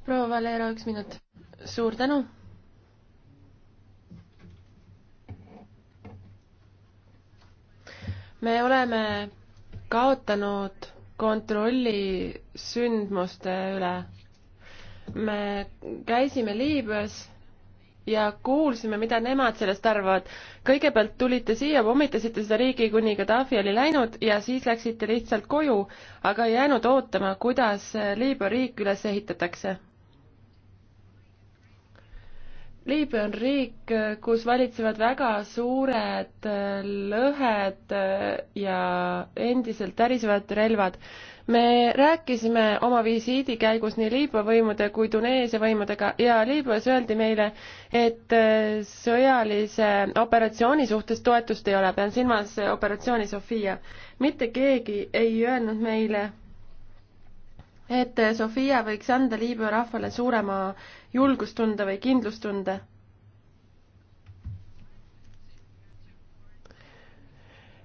proua Valero, üks minut. suur tänu me oleme kaotanud kontrolli sündmuste üle me käisime Liibüas ja kuulsime, mida nemad sellest arvavad. kõigepealt tulite siia, pommitasite seda riigi, kuni Gaddafi oli läinud ja siis läksite lihtsalt koju, aga ei jäänud ootama, kuidas Liibüa riik üles ehitatakse. Liibüa on riik, kus valitsevad väga suured lõhed ja endiselt tärisevad relvad me rääkisime oma visiidi käigus nii Liibüa võimude kui Tuneesia võimudega ja Liibüas öeldi meile, et äh, sõjalise operatsiooni suhtes toetust ei ole, pean silmas äh, operatsiooni Sofia. mitte keegi ei öelnud meile, et äh, Sofia võiks anda Liibüa rahvale suurema julgustunde või kindlustunde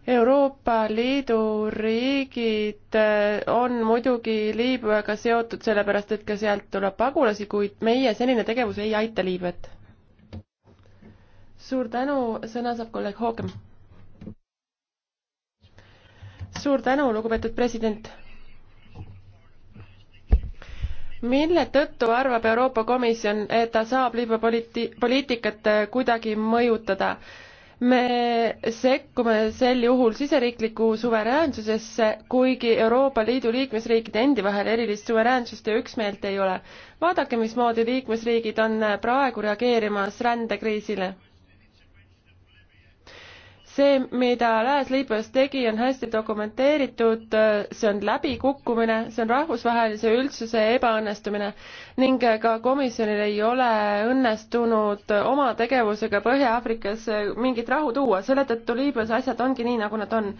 Euroopa Liidu riigid eh, on muidugi Liibüaga seotud sellepärast, et ka sealt tuleb pagulasi, kuid meie senine tegevus ei aita Liibüat. suur tänu, sõna saab kolleeg Hoogem. suur tänu, lugupeetud president. mille tõttu arvab Euroopa Komisjon, et ta saab Liibüa poliiti-, poliitikat eh, kuidagi mõjutada? me sekkume sel juhul siseriikliku suveräänsusesse, kuigi Euroopa Liidu liikmesriikide endi vahel erilist suveräänsust ja üksmeelt ei ole. vaadake, mismoodi liikmesriigid on praegu reageerimas rändekriisile see, mida Lääs-Liibüas tegi, on hästi dokumenteeritud, see on läbikukkumine, see on rahvusvahelise üldsuse ebaõnnestumine ning ka komisjonil ei ole õnnestunud oma tegevusega Põhja-Aafrikas mingit rahu tuua, selle tõttu Liibüas asjad ongi nii, nagu nad on.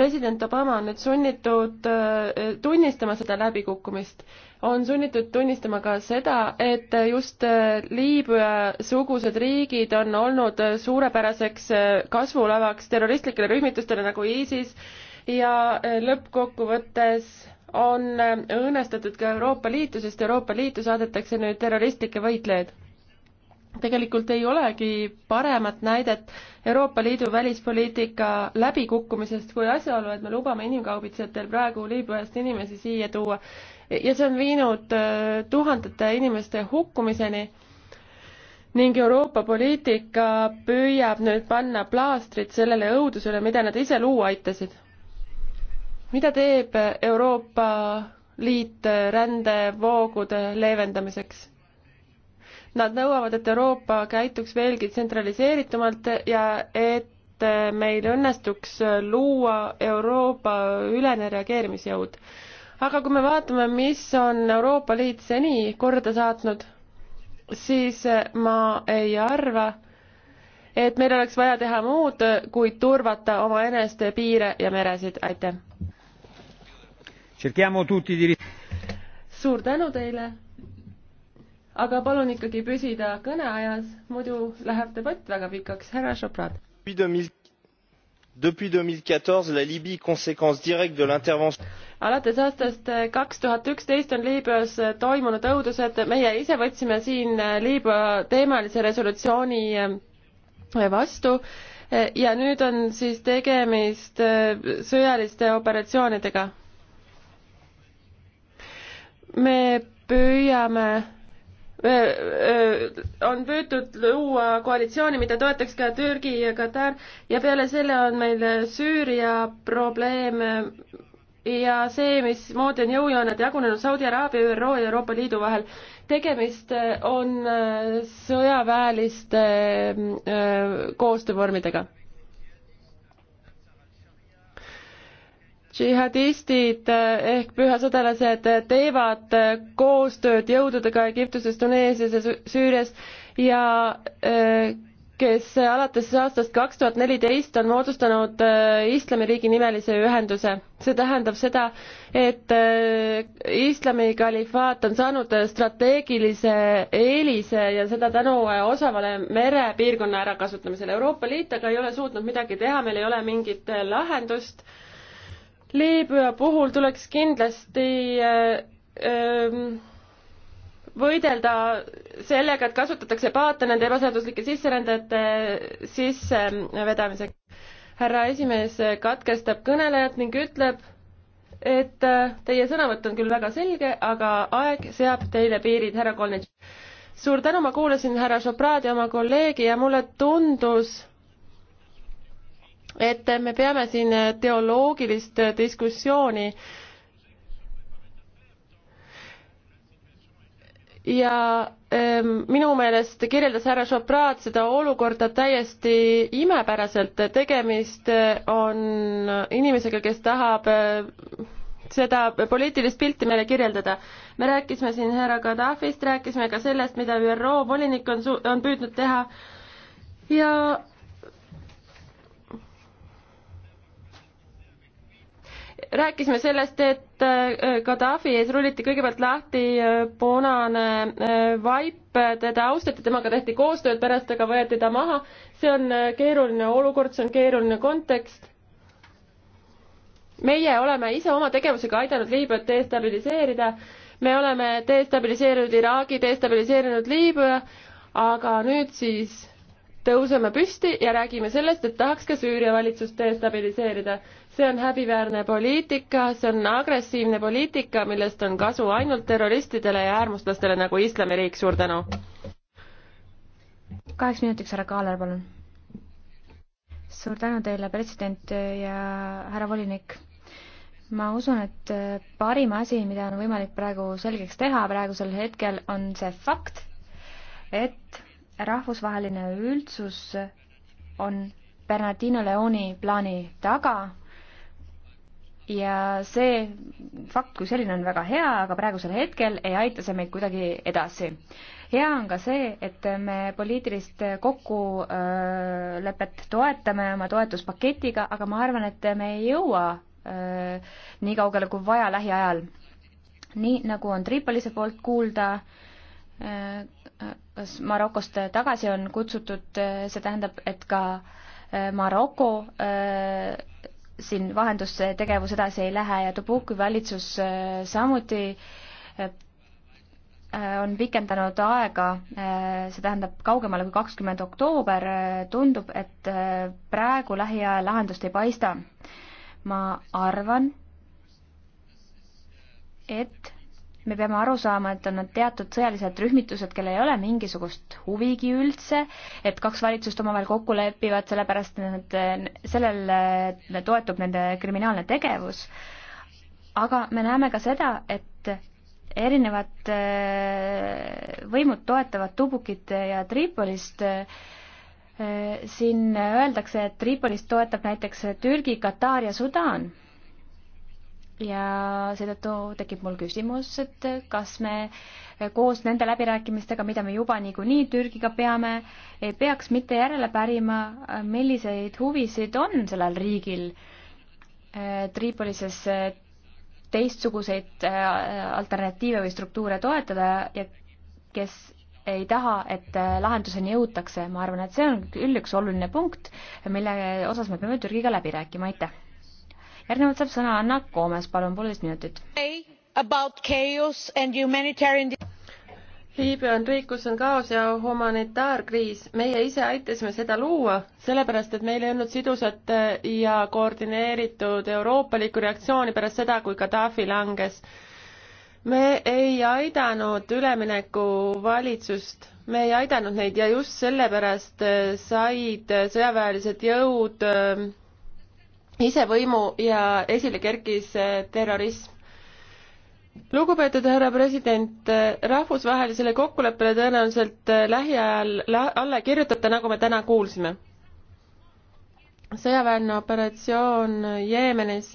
president Obama on nüüd sunnitud äh, tunnistama seda läbikukkumist on sunnitud tunnistama ka seda, et just äh, Liibüa-sugused riigid on olnud äh, suurepäraseks äh, kasvulavaks terroristlikele rühmitustele nagu ISIS ja lõppkokkuvõttes on õõnestatud ka Euroopa Liitu, sest Euroopa Liitu saadetakse nüüd terroristlikke võitlejaid. tegelikult ei olegi paremat näidet Euroopa Liidu välispoliitika läbikukkumisest kui asjaolu, et me lubame inimkaubitsejatel praegu Liibüast inimesi siia tuua ja see on viinud äh, tuhandete inimeste hukkumiseni ning Euroopa poliitika püüab nüüd panna plaastrit sellele õudusele, mida nad ise luua aitasid. mida teeb Euroopa Liit rändevoogude leevendamiseks? Nad nõuavad, et Euroopa käituks veelgi tsentraliseeritumalt ja et meil õnnestuks luua Euroopa ülene reageerimisjõud aga kui me vaatame, mis on Euroopa Liit seni korda saatnud, siis eh, ma ei arva, et meil oleks vaja teha muud, kui turvata oma eneste piire ja meresid, aitäh. suur tänu teile, aga palun ikkagi püsida kõneajas, muidu läheb debatt väga pikaks, härra Šoprad depuis 2014 la Libye conséquence directe de l'intervention alates aastast euh, kaks tuhat üksteist on Liibüas euh, toimunud õudused, meie ise võtsime siin euh, Liibüa teemalise resolutsiooni vastu ja nüüd on siis tegemist sõjaliste operatsioonidega. me püüame on püütud luua koalitsiooni, mida toetaks ka Türgi ja Katar ja peale selle on meil Süüria probleem ja see, mismoodi on jõujooned jagunenud Saudi Araabia, ÜRO ja Euroopa Liidu vahel. tegemist on äh, sõjaväeliste äh, koostöövormidega džihadistid eh, ehk pühasõdalased eh, teevad eh, koostööd jõududega Egiptuses, Tuneesias ja Süürias ja kes alates aastast kaks tuhat neliteist on moodustanud Islamiriigi nimelise ühenduse. see tähendab seda, et Islami kalifaat on saanud strateegilise eelise ja seda tänu osavale merepiirkonna ärakasutamisele. Euroopa Liit aga ei ole suutnud midagi teha, meil ei ole mingit lahendust Liibüa puhul tuleks kindlasti äh, ähm, võidelda sellega, et kasutatakse paate nende ebaseaduslike sisserändajate sissevedamiseks. Ähm, härra esimees katkestab kõnelejat ning ütleb, et äh, teie sõnavõtt on küll väga selge, aga aeg seab teile piirid, härra Kolnitš. suur tänu, ma kuulasin härra Šopradi, oma kolleegi, ja mulle tundus, et me peame siin teoloogilist diskussiooni ja ähm, minu meelest kirjeldas härra Šoprat seda olukorda täiesti imepäraselt, tegemist on inimesega, kes tahab äh, seda poliitilist pilti meile kirjeldada. me rääkisime siin härra Gaddafist, rääkisime ka sellest, mida ÜRO volinik on, on püüdnud teha ja rääkisime sellest, et äh, Gaddafi ees rulliti kõigepealt lahti äh, punane äh, vaip, teda austati, temaga tehti koostööd, pärast aga võeti ta maha. see on keeruline olukord, see on keeruline kontekst. meie oleme ise oma tegevusega aidanud Liibüat destabiliseerida, me oleme destabiliseerinud Iraagi, destabiliseerinud Liibüa, aga nüüd siis tõuseme püsti ja räägime sellest, et tahaks ka Süüria valitsust destabiliseerida see on häbiväärne poliitika, see on agressiivne poliitika, millest on kasu ainult terroristidele ja äärmuslastele nagu Islamiriik, suur tänu. kaheks minutiks härra Kaaler, palun. suur tänu teile, president ja härra volinik ma usun, et parim asi, mida on võimalik praegu selgeks teha praegusel hetkel, on see fakt, et rahvusvaheline üldsus on Bernardino Leoni plaani taga ja see fakt kui selline on väga hea, aga praegusel hetkel ei aita see meid kuidagi edasi. hea on ka see, et me poliitilist kokkulepet toetame oma toetuspaketiga, aga ma arvan, et me ei jõua öö, äh, nii kaugele kui vaja lähiajal. nii nagu on Tripolise poolt kuulda, äh, kas Marokost tagasi on kutsutud, äh, see tähendab, et ka Maroko siin vahendustegevus edasi ei lähe ja Tobuki valitsus äh, samuti äh, on pikendanud aega, äh, see tähendab kaugemale kui kakskümmend oktoober, tundub, et praegu lähiajal lahendust ei paista. ma arvan, et me peame aru saama, et on teatud sõjalised rühmitused, kellel ei ole mingisugust huvigi üldse, et kaks valitsust omavahel kokku lepivad, sellepärast et sellele toetub nende kriminaalne tegevus. aga me näeme ka seda, et erinevad äh, võimud toetavad Tubukit ja Tripolist äh, siin öeldakse, et Tripolist toetab näiteks Türgi, Katar ja Sudaan ja seetõttu tekib mul küsimus, et kas me koos nende läbirääkimistega, mida me juba niikuinii Türgiga peame, ei peaks mitte järele pärima, milliseid huvisid on sellel riigil äh, Tripolises äh, teistsuguseid äh, alternatiive või struktuure toetada ja kes ei taha, et lahenduseni jõutakse, ma arvan, et see on küll üks oluline punkt, mille osas me peame Türgiga läbi rääkima, aitäh järgnevalt saab sõna Anna Koomes, palun, poolteist minutit. Liibüa on riik, kus on kaos ja humanitaarkriis. meie ise aitasime seda luua, sellepärast et meil ei olnud sidusat eh, ja koordineeritud euroopalikku reaktsiooni pärast seda, kui Gaddafi langes. me ei aidanud üleminekuvalitsust, me ei aidanud neid ja just sellepärast eh, said eh, sõjaväelised jõud ise võimu ja esile kerkis äh, terrorism lugupeetud härra president, äh, rahvusvahelisele kokkuleppele tõenäoliselt äh, lähiajal alla kirjutate, nagu me täna kuulsime. sõjaväeline operatsioon Jeemenis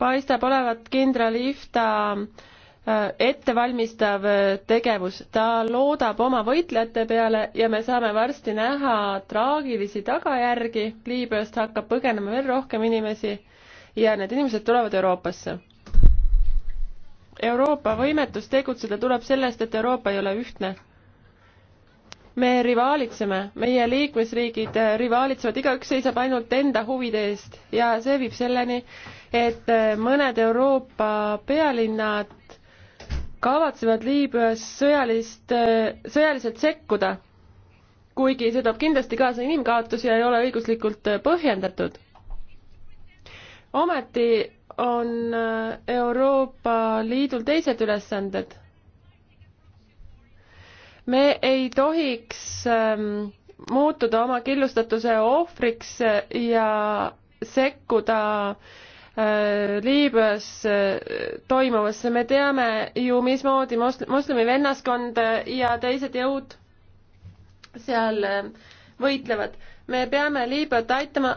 paistab olevat kindral Ifta äh, ettevalmistav tegevus, ta loodab oma võitlejate peale ja me saame varsti näha traagilisi tagajärgi, Liibüast hakkab põgenema veel rohkem inimesi ja need inimesed tulevad Euroopasse. Euroopa võimetus tegutseda tuleb sellest, et Euroopa ei ole ühtne. me rivaalitseme, meie liikmesriigid rivaalitsevad, igaüks seisab ainult enda huvide eest ja see viib selleni, et mõned Euroopa pealinnad kavatsevad Liibüas sõjalist, sõjaliselt sekkuda, kuigi see toob kindlasti kaasa inimkaotusi ja ei ole õiguslikult põhjendatud. ometi on Euroopa Liidul teised ülesanded. me ei tohiks ähm, muutuda oma killustatuse ohvriks ja sekkuda äh, Äh, Liibüas äh, toimuvasse, me teame ju, mismoodi mosl-, moslemi vennaskond äh, ja teised jõud seal võitlevad. me peame Liibüat aitama,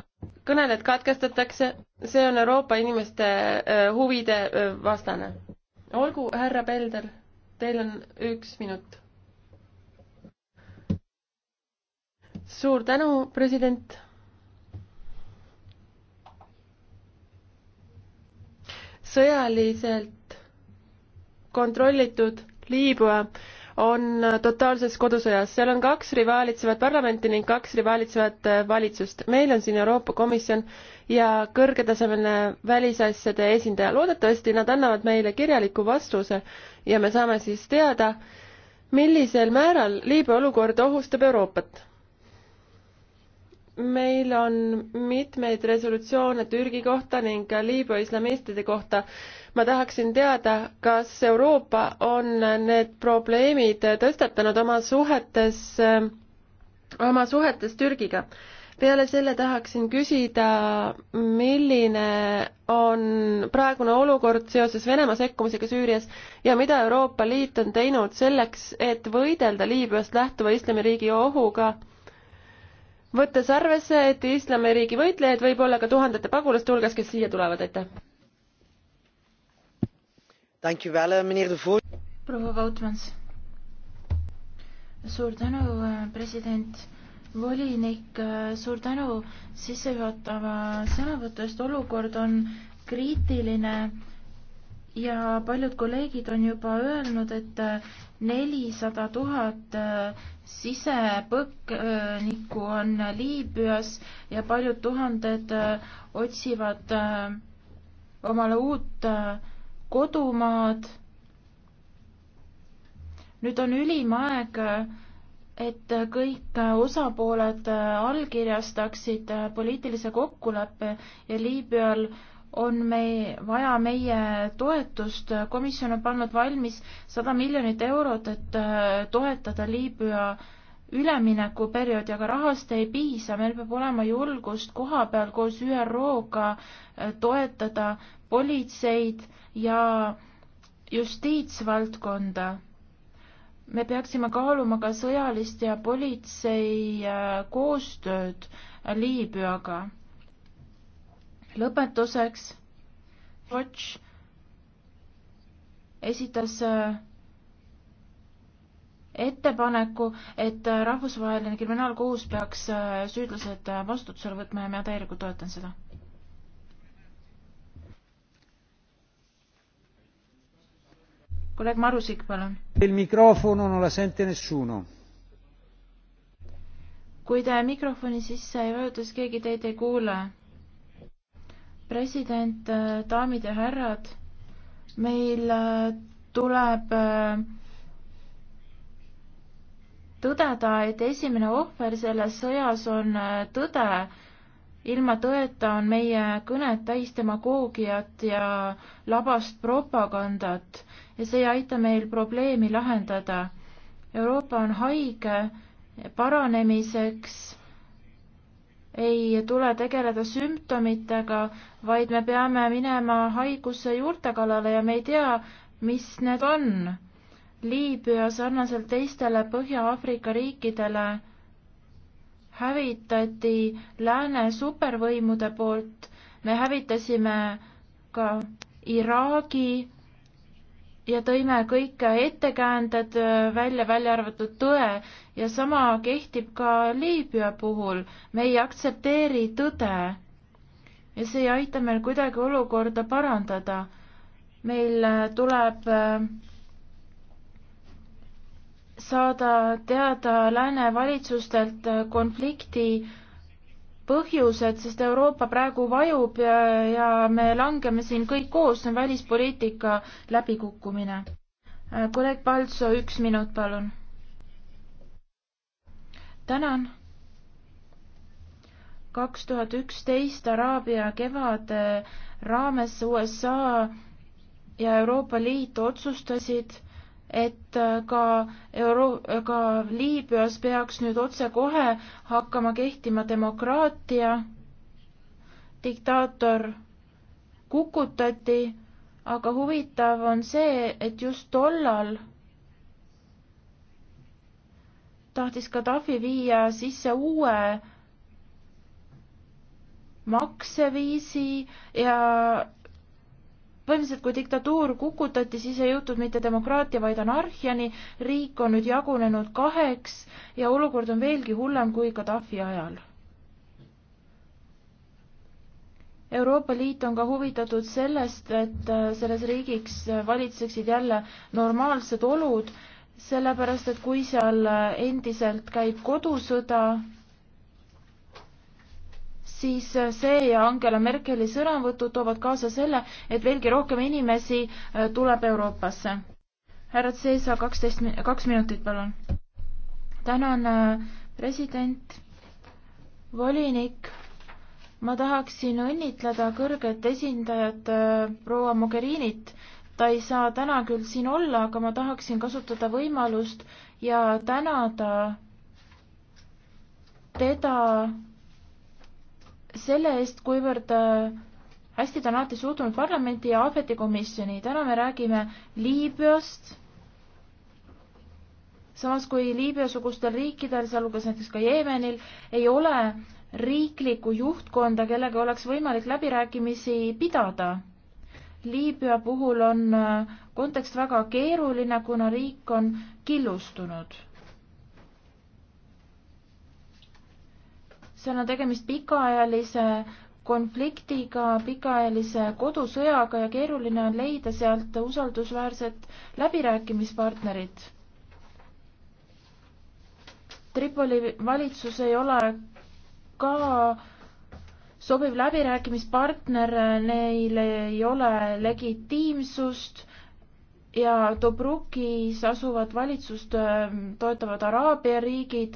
kõneled katkestatakse, see on Euroopa inimeste huvide vastane. olgu, härra Pelder, teil on üks minut. suur tänu, president sõjaliselt kontrollitud Liibüa on totaalses kodusõjas, seal on kaks rivaalitsevat parlamenti ning kaks rivaalitsevat äh, valitsust. meil on siin Euroopa Komisjon ja kõrgetasemeline välisasjade esindaja. loodetavasti nad annavad meile kirjaliku vastuse ja me saame siis teada, millisel määral Liibüa olukord ohustab Euroopat meil on mitmeid resolutsioone Türgi kohta ning ka Liibüa islamistide kohta. ma tahaksin teada, kas Euroopa on need probleemid tõstatanud oma suhetes, oma suhetes Türgiga? peale selle tahaksin küsida, milline on praegune olukord seoses Venemaa sekkumisega Süürias ja mida Euroopa Liit on teinud selleks, et võidelda Liibüast lähtuva islamiriigi ohuga võttes arvesse, et Islamiriigi võitlejaid võib olla ka tuhandete pagulaste hulgas, kes siia tulevad, aitäh. Eh, proua Vautmans. suur tänu, eh, president, volinik, eh, suur tänu sissejuhatava sõnavõtu eest, olukord on kriitiline ja paljud kolleegid on juba öelnud, et äh, nelisada tuhat äh, sisepõgenikku on Liibüas ja paljud tuhanded äh, otsivad omale uut kodumaad. nüüd on ülim aeg, et kõik osapooled allkirjastaksid poliitilise kokkuleppe ja Liibüal on me, vaja meie toetust, komisjon on pannud valmis sada miljonit eurot, et äh, toetada Liibüa üleminekuperioodi, aga rahast ei piisa, meil peab olema julgust koha peal koos ÜRO-ga äh, toetada politseid ja justiitsvaldkonda. me peaksime kaaluma ka sõjalist ja politsei äh, koostööd Liibüaga lõpetuseks Roch esitas äh, ettepaneku, et äh, rahvusvaheline kriminaalkohus peaks äh, süüdlased vastutusele võtma ja mina täielikult toetan seda. kolleeg Marusik, palun. Teil mikrofon on, ole sente nessuno. kui te mikrofoni sisse ei vajuta, siis keegi teid ei kuule president, daamid ja härrad, meil äh, tuleb äh, tõdeda, et esimene ohver selles sõjas on äh, tõde. ilma tõeta on meie kõned täis demagoogiat ja labast propagandat ja see ei aita meil probleemi lahendada. Euroopa on haige, paranemiseks ei tule tegeleda sümptomitega, vaid me peame minema haiguse juurte kallale ja me ei tea, mis need on. Liibüa sarnaselt teistele Põhja-Aafrika riikidele hävitati lääne supervõimude poolt, me hävitasime ka Iraagi ja tõime kõik ettekäänded äh, välja, välja arvatud tõe ja sama kehtib ka Liibüa puhul. me ei aktsepteeri tõde ja see ei aita meil kuidagi olukorda parandada. meil äh, tuleb äh, saada teada lääne valitsustelt konflikti põhjused, sest Euroopa praegu vajub ja, ja me langeme siin kõik koos, see on välispoliitika läbikukkumine. kolleeg Paltso, üks minut, palun. tänan. kaks tuhat üksteist Araabia kevade raames USA ja Euroopa Liit otsustasid et äh, ka Euro-, ka Liibüas peaks nüüd otsekohe hakkama kehtima demokraatia, diktaator kukutati, aga huvitav on see, et just tollal tahtis Gaddafi viia sisse uue makseviisi ja põhimõtteliselt kui diktatuur kukutati, siis ei jõutud mitte demokraatia, vaid anarhiani, riik on nüüd jagunenud kaheks ja olukord on veelgi hullem kui Gaddafi ajal. Euroopa Liit on ka huvitatud sellest, et äh, selles riigiks valitseksid jälle normaalsed olud, sellepärast et kui seal äh, endiselt käib kodusõda, siis äh, see ja Angela Merkeli sõnavõtud toovad kaasa selle, et veelgi rohkem inimesi äh, tuleb Euroopasse. härra Cesa, kaksteist, kaks minutit, palun. tänan, äh, president, volinik, ma tahaksin õnnitleda kõrget esindajat proua Mogherinit. ta ei saa täna küll siin olla, aga ma tahaksin kasutada võimalust ja tänada teda selle eest, kuivõrd äh, hästi ta on alati suutnud parlamenti ja Ahveti komisjoni. täna me räägime Liibüast. samas kui Liibüa-sugustel riikidel, sealhulgas näiteks ka Jeemenil, ei ole riiklikku juhtkonda, kellega oleks võimalik läbirääkimisi pidada Liibüa puhul on äh, kontekst väga keeruline, kuna riik on killustunud. seal on tegemist pikaajalise konfliktiga, pikaajalise kodusõjaga ja keeruline on leida sealt usaldusväärset läbirääkimispartnerit. Tripoli valitsus ei ole ka sobiv läbirääkimispartner, neil ei ole legitiimsust ja Tobrukis asuvat valitsust toetavad Araabia riigid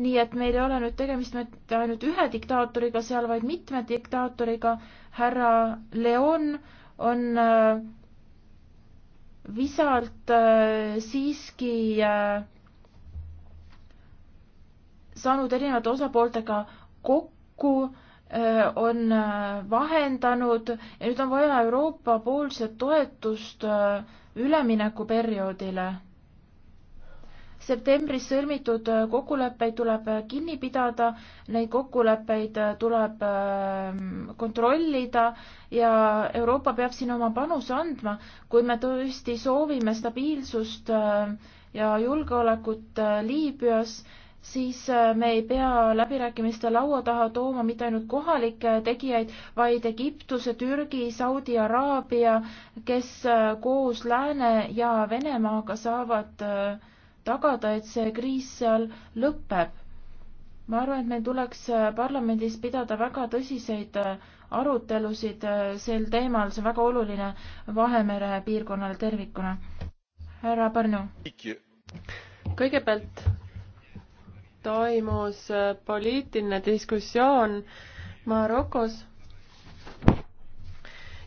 nii et meil ei ole nüüd tegemist mitte ainult ühe diktaatoriga seal, vaid mitme diktaatoriga. härra Leon on äh, visalt äh, siiski äh, saanud erinevate osapooltega kokku, on vahendanud ja nüüd on vaja Euroopa poolset toetust üleminekuperioodile septembris sõlmitud äh, kokkuleppeid tuleb äh, kinni pidada, neid kokkuleppeid äh, tuleb ähm, kontrollida ja Euroopa peab siin oma panuse andma, kui me tõesti soovime stabiilsust ja julgeolekut Liibüas, siis me ei pea läbirääkimiste laua taha tooma mitte ainult kohalikke tegijaid, vaid Egiptuse, Türgi, Saudi Araabia, kes koos Lääne ja Venemaaga saavad äh, tagada, et see kriis seal lõpeb. ma arvan, et meil tuleks äh, parlamendis pidada väga tõsiseid äh, arutelusid äh, sel teemal, see on väga oluline Vahemere piirkonnale tervikuna. härra Pärnu. kõigepealt toimus poliitiline diskussioon Marokos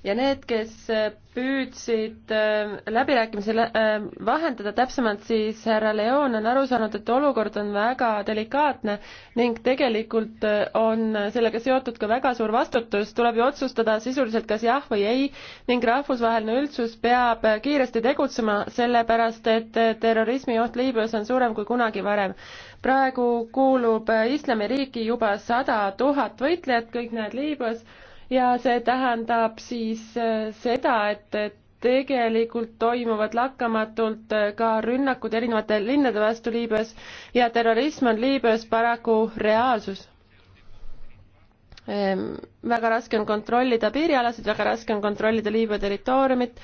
ja need, kes äh, püüdsid äh, läbirääkimisi äh, vahendada täpsemalt, siis härra Leon on aru saanud, et olukord on väga delikaatne ning tegelikult on sellega seotud ka väga suur vastutus, tuleb ju otsustada sisuliselt kas jah või ei ning rahvusvaheline üldsus peab kiiresti tegutsema, sellepärast et terrorismi oht Liibüas on suurem kui kunagi varem. praegu kuulub Islamiriiki juba sada tuhat võitlejat, kõik need Liibüas ja see tähendab siis äh, seda, et tegelikult toimuvad lakkamatult äh, ka rünnakud erinevate linnade vastu Liibüas ja terrorism on Liibüas paraku reaalsus. Ehm, väga raske on kontrollida piirialasid, väga raske on kontrollida Liibüa territooriumit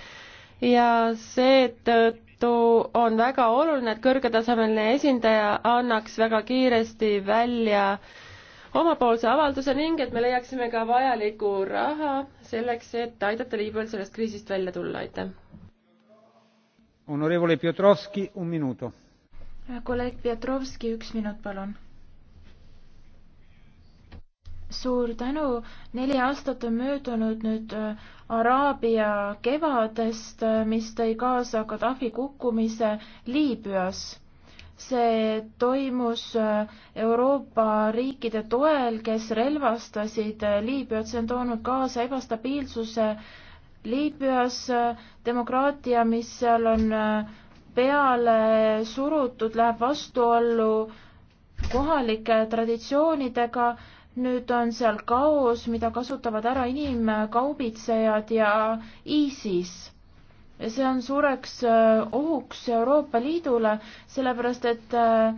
ja seetõttu seetõttu on väga oluline, et kõrgetasemeline esindaja annaks väga kiiresti välja omapoolse avalduse ning et me leiaksime ka vajaliku raha selleks, et aidata Liibüal sellest kriisist välja tulla, aitäh. Honorevole Pjotrovski, un minuto. kolleeg Pjotrovski, üks minut, palun. suur tänu, neli aastat on möödunud nüüd äh, Araabia kevadest, äh, mis tõi kaasa Gaddafi kukkumise Liibüas see toimus äh, Euroopa riikide toel, kes relvastasid äh, Liibüat, see on toonud kaasa ebastabiilsuse Liibüas, äh, demokraatia, mis seal on peale surutud, läheb vastuollu kohalike traditsioonidega, nüüd on seal kaos, mida kasutavad ära inimkaubitsejad ja ISIS ja see on suureks äh, ohuks Euroopa Liidule, sellepärast et äh,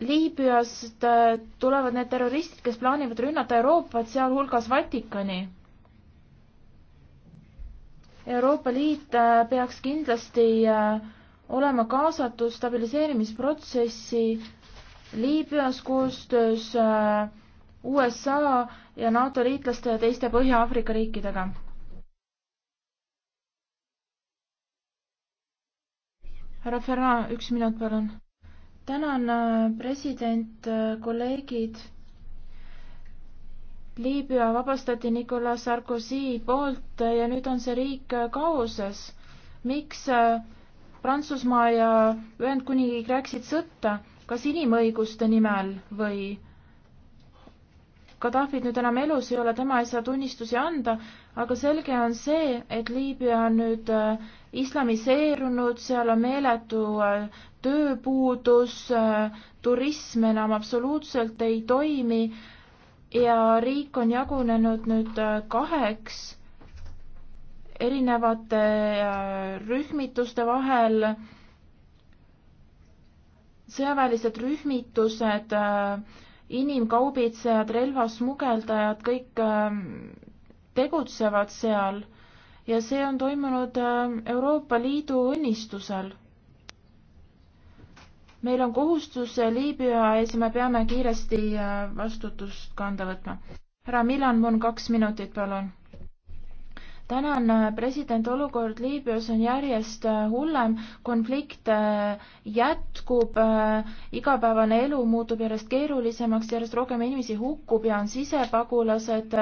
Liibüast äh, tulevad need terroristid, kes plaanivad rünnata Euroopat, sealhulgas Vatikani. Euroopa Liit peaks kindlasti olema kaasatud stabiliseerimisprotsessi Liibüas koostöös USA ja NATO liitlaste ja teiste Põhja-Aafrika riikidega härra Ferrand, üks minut, palun. tänan, äh, president, äh, kolleegid. Liibüa vabastati Nicolas Sarkozy poolt äh, ja nüüd on see riik kaoses. miks Prantsusmaa ja Ühendkuningriik läksid sõtta, kas inimõiguste nimel või? Gaddafid nüüd enam elus ei ole, tema ei saa tunnistusi anda, aga selge on see, et Liibüa on nüüd äh, islamiseerunud, seal on meeletu äh, tööpuudus, äh, turism enam absoluutselt ei toimi ja riik on jagunenud nüüd kaheks erinevate rühmituste vahel. sõjaväelised rühmitused äh, inimkaubitsejad, relvasmugeldajad, kõik ähm, tegutsevad seal ja see on toimunud ähm, Euroopa Liidu õnnistusel. meil on kohustus Liibüa ees ja me peame kiiresti äh, vastutust kanda võtma. härra Milan, mul on kaks minutit, palun tänan, äh, president, olukord Liibüas on järjest äh, hullem, konflikt äh, jätkub, igapäevane elu muutub järjest keerulisemaks, järjest rohkem inimesi hukkub ja on sisepagulased,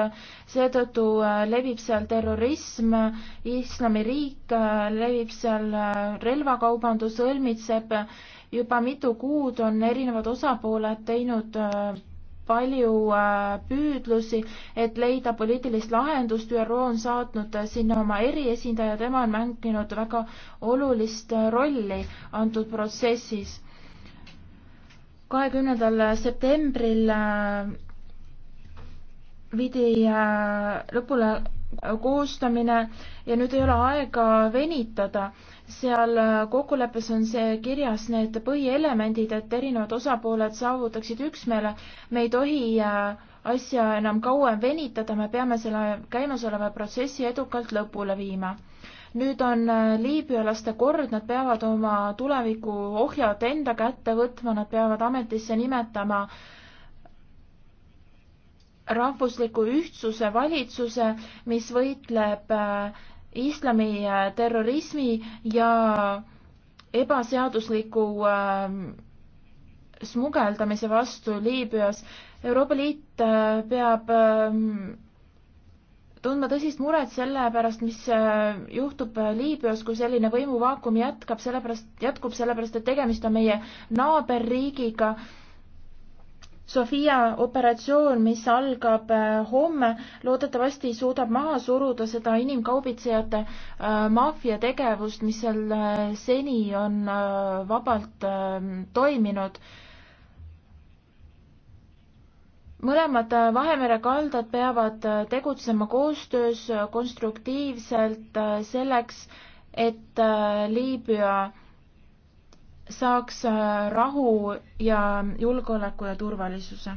seetõttu levib seal terrorism, islamiriik levib seal relvakaubandus, õlmitseb, juba mitu kuud on erinevad osapooled teinud palju äh, püüdlusi, et leida poliitilist lahendust, ÜRO on saatnud äh, sinna oma eriesindaja, tema on mänginud väga olulist äh, rolli antud protsessis. kahekümnendal septembril viidi lõpule koostamine ja nüüd ei ole aega venitada seal äh, kokkuleppes on see kirjas, need põhielemendid, et erinevad osapooled saavutaksid üksmeele. me ei tohi äh, asja enam kauem venitada, me peame selle käimasoleva protsessi edukalt lõpule viima. nüüd on äh, liibüalaste kord, nad peavad oma tuleviku ohjad enda kätte võtma, nad peavad ametisse nimetama rahvusliku ühtsuse valitsuse, mis võitleb äh, islami äh, terrorismi ja ebaseadusliku ähm, smugeldamise vastu Liibüas. Euroopa Liit äh, peab ähm, tundma tõsist muret selle pärast, mis äh, juhtub Liibüas, kui selline võimuvaakum jätkab, sellepärast, jätkub sellepärast, et tegemist on meie naaberriigiga Sofia operatsioon, mis algab äh, homme, loodetavasti suudab maha suruda seda inimkaubitsejate äh, maffia tegevust, mis seal äh, seni on vabalt ähm, toiminud. mõlemad Vahemere kaldad peavad tegutsema koostöös konstruktiivselt selleks, et Liibüa saaks äh, rahu ja julgeoleku ja turvalisuse.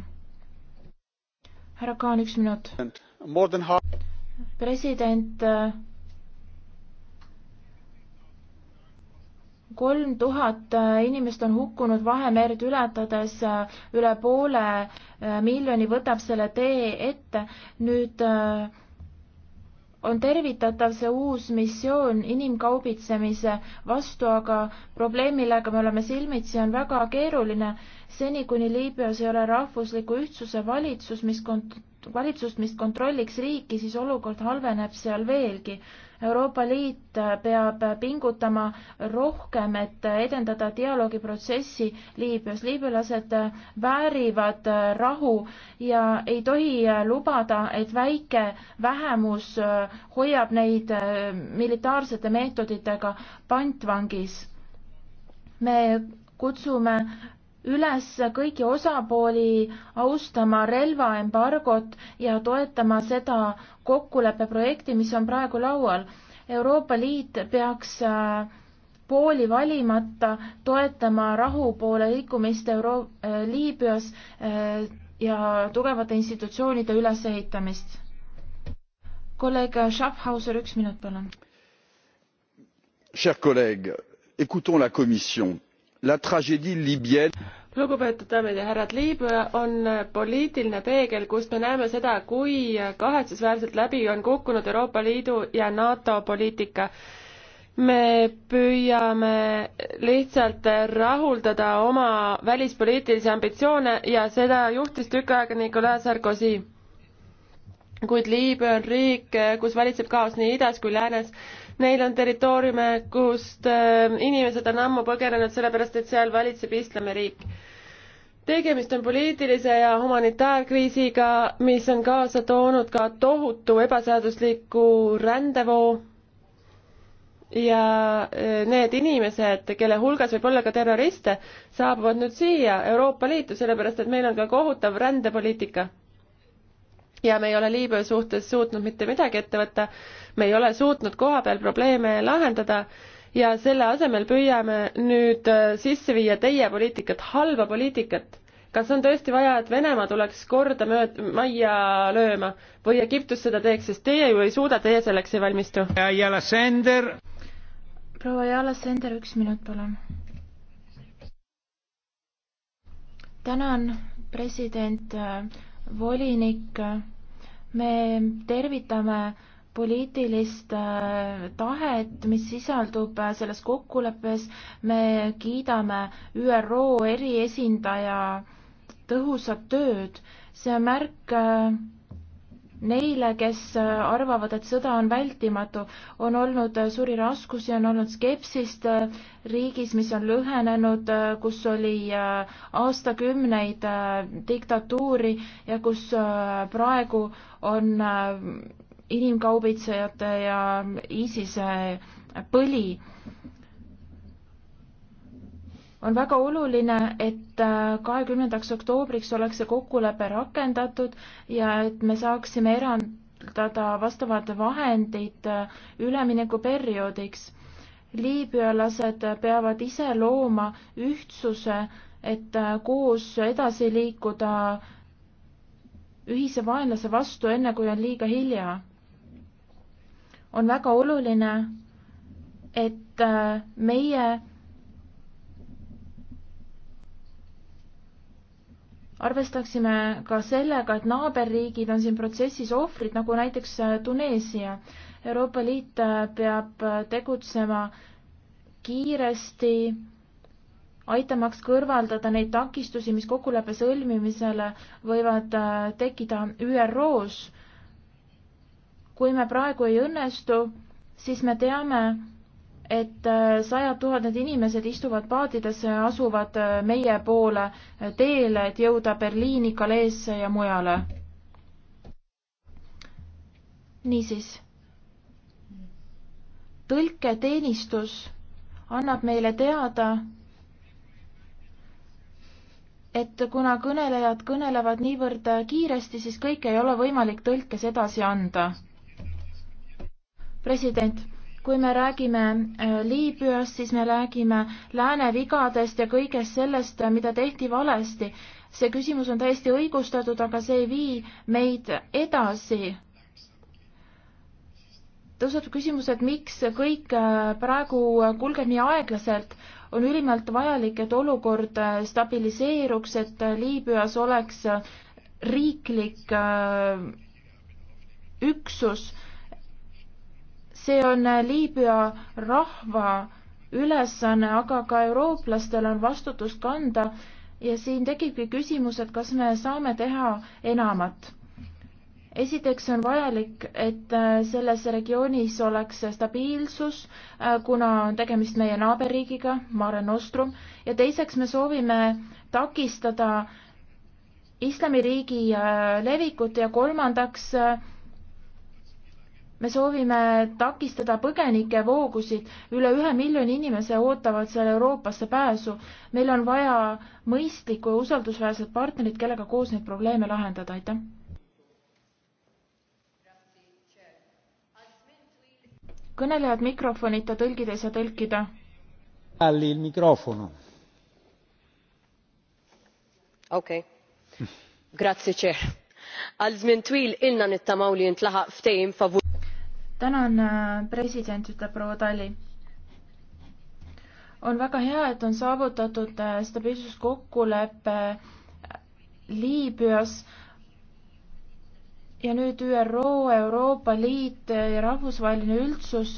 härra Kaan, üks minut. president, äh, kolm tuhat äh, inimest on hukkunud Vahemerd ületades, üle poole miljoni võtab selle tee ette. nüüd äh, on tervitatav see uus missioon inimkaubitsemise vastu, aga probleem, millega me oleme silmitsi, on väga keeruline seni, kuni Liibüas ei ole rahvusliku ühtsuse valitsus, mis kont-, valitsust, mis kontrolliks riiki, siis olukord halveneb seal veelgi. Euroopa Liit peab pingutama rohkem, et edendada dialoogiprotsessi Liibüas. liibülased väärivad rahu ja ei tohi lubada, et väike vähemus hoiab neid militaarsete meetoditega pantvangis. me kutsume üles kõiki osapooli austama relvaembargot ja toetama seda kokkuleppeprojekti, mis on praegu laual. Euroopa Liit peaks äh, pooli valimata toetama rahu poole liikumist Euro-, äh, Liibüas äh, ja tugevate institutsioonide ülesehitamist. kolleeg Schaffhauser, üks minut palun. Chers collègues, écoutons la Commission la tragédie libyenne lugupeetud daamid ja härrad, Liibüa on poliitiline peegel, kust me näeme seda, kui kahetsusväärselt läbi on kukkunud Euroopa Liidu ja NATO poliitika. me püüame lihtsalt rahuldada oma välispoliitilisi ambitsioone ja seda juhtis tükk aega Nicolas Sarkozy. kuid Liibüa on riik, kus valitseb kaos nii idas kui läänes Neil on territooriume, kust äh, inimesed on ammu põgenenud, sellepärast et seal valitseb islamiriik. tegemist on poliitilise ja humanitaarkriisiga, mis on kaasa toonud ka tohutu ebaseadusliku rändevoo ja äh, need inimesed, kelle hulgas võib olla ka terroriste, saabuvad nüüd siia Euroopa Liitu, sellepärast et meil on ka kohutav rändepoliitika ja me ei ole Liibüa suhtes suutnud mitte midagi ette võtta, me ei ole suutnud kohapeal probleeme lahendada ja selle asemel püüame nüüd äh, sisse viia teie poliitikat, halba poliitikat. kas on tõesti vaja, et Venemaa tuleks korda mööd-, majja lööma või Egiptus seda teeks, sest teie ju ei suuda, teie selleks ei valmistu. Jala Sender. proua Jala Sender, üks minut, palun. tänan, president volinik, me tervitame poliitilist äh, tahet, mis sisaldub äh, selles kokkuleppes, me kiidame ÜRO eriesindaja tõhusat tööd, see on märk äh, Neile, kes äh, arvavad, et sõda on vältimatu, on olnud äh, suuri raskusi, on olnud skepsist äh, riigis, mis on lõhenenud, kus oli aastakümneid diktatuuri ja kus praegu on inimkaubitsejate ja ISISe põli on väga oluline, et äh, kahekümnendaks oktoobriks oleks see kokkulepe rakendatud ja et me saaksime erandada vastavad vahendid äh, üleminekuperioodiks. liibüalased peavad ise looma ühtsuse, et äh, koos edasi liikuda ühise vaenlase vastu, enne kui on liiga hilja. on väga oluline, et meie arvestaksime ka sellega, et naaberriigid on siin protsessis ohvrid, nagu näiteks äh, Tuneesia. Euroopa Liit äh, peab äh, tegutsema kiiresti, aitamaks kõrvaldada neid takistusi, mis kokkuleppe sõlmimisele võivad tekkida ÜRO-s. kui me praegu ei õnnestu, siis me teame, et äh, sajad tuhanded inimesed istuvad paadides ja äh, asuvad äh, meie poole teele, et jõuda Berliini, Galeesse ja mujale. niisiis. tõlketeenistus annab meile teada, et kuna kõnelejad kõnelevad niivõrd kiiresti, siis kõike ei ole võimalik tõlkes edasi anda. president kui me räägime äh, Liibüast, siis me räägime lääne vigadest ja kõigest sellest, äh, mida tehti valesti. see küsimus on täiesti õigustatud, aga see ei vii meid edasi. tõuseb küsimus, et miks kõik äh, praegu kulgeb nii aeglaselt. on ülimalt vajalik, et olukord stabiliseeruks, et Liibüas oleks riiklik üksus see on Liibüa rahva ülesanne, aga ka eurooplastel on vastutus kanda ja siin tekibki küsimus, et kas me saame teha enamat. esiteks on vajalik, et selles regioonis oleks stabiilsus, kuna on tegemist meie naaberriigiga, Mare Nostrum, ja teiseks me soovime takistada islamiriigi levikut ja kolmandaks me soovime takistada põgenike voogusid, üle ühe miljoni inimese ootavad seal Euroopasse pääsu. meil on vaja mõistlikku ja usaldusväärset partnerit, kellega koos neid probleeme lahendada, aitäh. kõnelejad mikrofonita, tõlgid ei saa tõlkida. hääli mikrofon. okei okay., grazie, tšehh. għal żmien twil ilna nittamaw li jintlaħaq ftehim favur tänan, äh, president, ütleb proua Tali. on väga hea, et on saavutatud äh, stabiilsuskokkulepe äh, Liibüas ja nüüd ÜRO, Euroopa Liit ja rahvusvaheline üldsus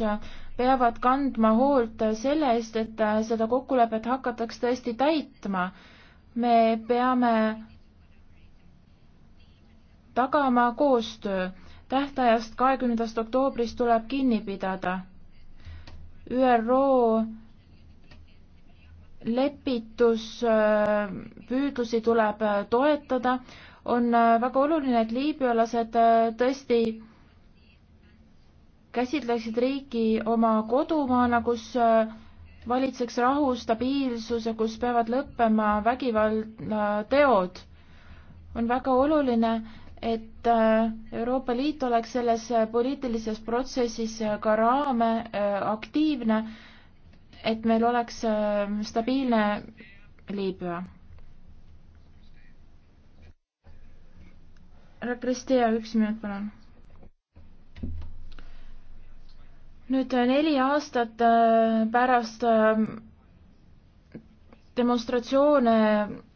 peavad kandma hoolt selle eest, et seda kokkulepet hakataks tõesti täitma. me peame tagama koostöö tähtajast kahekümnendast oktoobrist tuleb kinni pidada. ÜRO lepituspüüdlusi äh, tuleb äh, toetada. on äh, väga oluline, et liibüalased tõesti käsitleksid riiki oma kodumaana, kus valitseks rahu, stabiilsus ja kus peavad lõppema vägivallateod. on väga oluline, et äh, Euroopa Liit oleks selles äh, poliitilises protsessis äh, ka raame aktiivne, et meil oleks stabiilne Liibüa. härra Kristea, üks minut, palun. nüüd neli aastat pärast demonstratsioone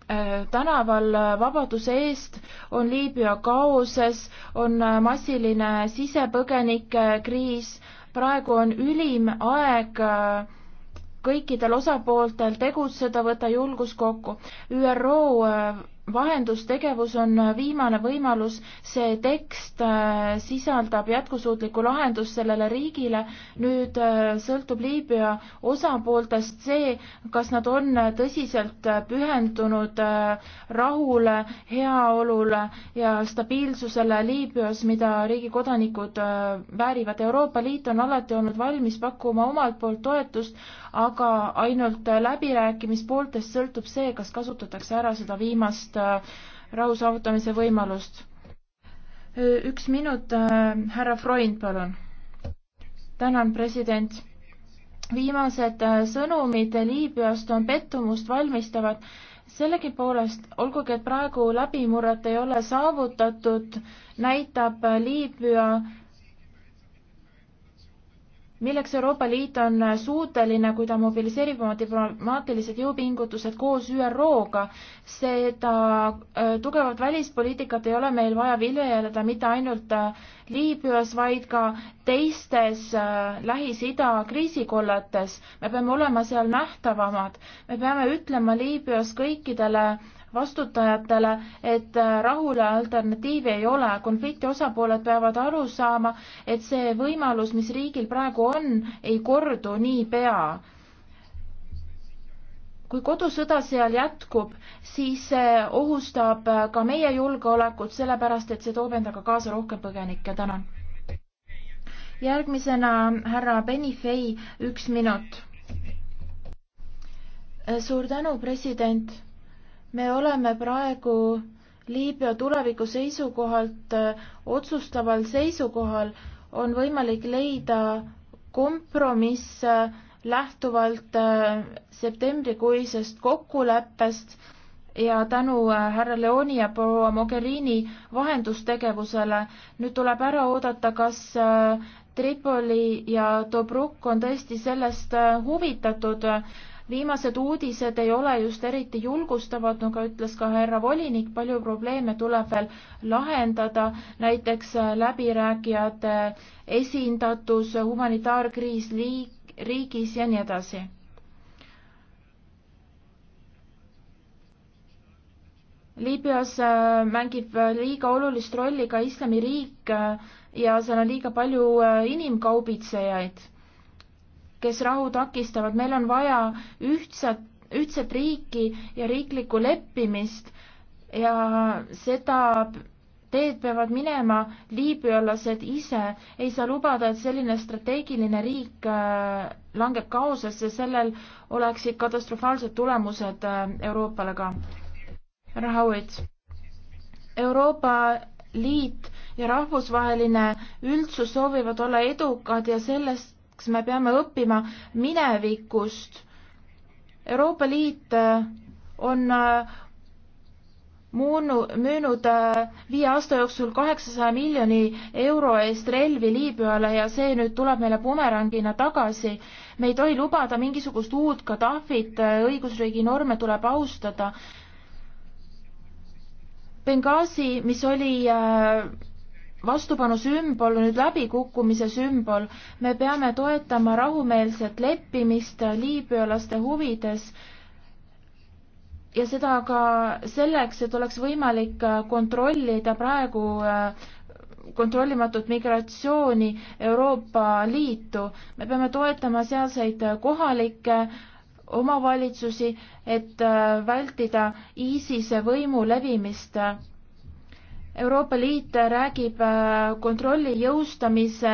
Äh, tänaval äh, Vabaduse eest, on Liibüa kaoses, on äh, massiline sisepõgenike kriis, praegu on ülim aeg kõikidel osapooltel tegutseda, võtta julgus kokku. ÜRO vahendustegevus on viimane võimalus, see tekst äh, sisaldab jätkusuutlikku lahendust sellele riigile, nüüd äh, sõltub Liibüa osapooltest see, kas nad on tõsiselt pühendunud äh, rahule, heaolule ja stabiilsusele Liibüas, mida riigi kodanikud väärivad. Euroopa Liit on alati olnud valmis pakkuma omalt poolt toetust, aga ainult läbirääkimispooltest sõltub see, kas kasutatakse ära seda viimast sellist äh, rahu saavutamise võimalust. üks minut, äh, härra Freund, palun. tänan, president viimased äh, sõnumid Liibüast on pettumust valmistavad. sellegipoolest, olgugi et praegu läbimurret ei ole saavutatud, näitab Liibüa milleks Euroopa Liit on suuteline, kui ta mobiliseerib oma diplomaatilised jõupingutused koos ÜRO-ga. seda äh, tugevat välispoliitikat ei ole meil vaja viljeleda mitte ainult äh, Liibüas, vaid ka teistes äh, Lähis-Ida kriisikolletes. me peame olema seal nähtavamad, me peame ütlema Liibüas kõikidele vastutajatele, et äh, rahule alternatiivi ei ole. konflikti osapooled peavad aru saama, et see võimalus, mis riigil praegu on, ei kordu niipea kui kodusõda seal jätkub, siis see ohustab äh, ka meie julgeolekut, sellepärast et see toob endaga kaasa rohkem põgenikke. tänan. järgmisena härra Benifei, üks minut. suur tänu, president me oleme praegu Liibüa tuleviku seisukohalt äh, otsustaval seisukohal, on võimalik leida kompromiss äh, lähtuvalt äh, septembrikuisest kokkuleppest ja tänu härra Leoni ja proua Mogherini vahendustegevusele. nüüd tuleb ära oodata, kas Tripoli ja Tobruk on tõesti sellest huvitatud viimased uudised ei ole just eriti julgustavad, nagu ütles ka härra volinik, palju probleeme tuleb veel lahendada, näiteks läbirääkijate esindatus, humanitaarkriis liik-, riigis ja nii edasi Liibüas äh, mängib äh, liiga olulist rolli ka islamiriik äh, ja seal on liiga palju inimkaubitsejaid kes rahu takistavad, meil on vaja ühtset, ühtset riiki ja riiklikku leppimist ja seda teed peavad minema liibüalased ise. ei saa lubada, et selline strateegiline riik äh, langeb kaosesse, sellel oleksid katastrofaalsed tulemused äh, Euroopale ka. härra Hauits, Euroopa Liit ja rahvusvaheline üldsus soovivad olla edukad ja sellest kas me peame õppima minevikust. Euroopa Liit äh, on äh, muunu, müünud äh, viie aasta jooksul kaheksasaja miljoni euro eest relvi Liibüale ja see nüüd tuleb meile bumerangina tagasi. me ei tohi lubada mingisugust uut Gaddafit, õigusriigi norme tuleb austada. Benghazi, mis oli äh, vastupanu sümbol on nüüd läbikukkumise sümbol. me peame toetama rahumeelset leppimist liibüalaste huvides ja seda ka selleks, et oleks võimalik kontrollida praegu äh, kontrollimatut migratsiooni Euroopa Liitu. me peame toetama sealseid kohalikke omavalitsusi, et äh, vältida ISISe võimu levimist Euroopa Liit räägib äh, kontrolli jõustamise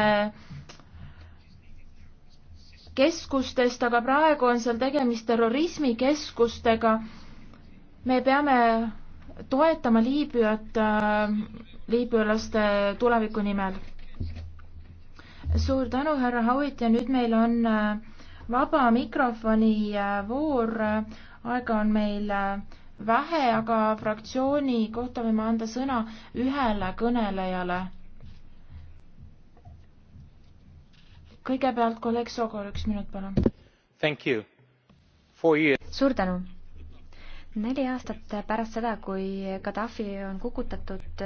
keskustest, aga praegu on seal tegemist terrorismikeskustega. me peame toetama Liibüat äh, liibüalaste tuleviku nimel. suur tänu, härra Howitt ja nüüd meil on äh, vaba mikrofoni voor. aega on meil vähe, aga fraktsiooni kohta võime anda sõna ühele kõnelejale. kõigepealt kolleeg Sogor, üks minut, palun. suur tänu. neli aastat pärast seda, kui Gaddafi on kukutatud,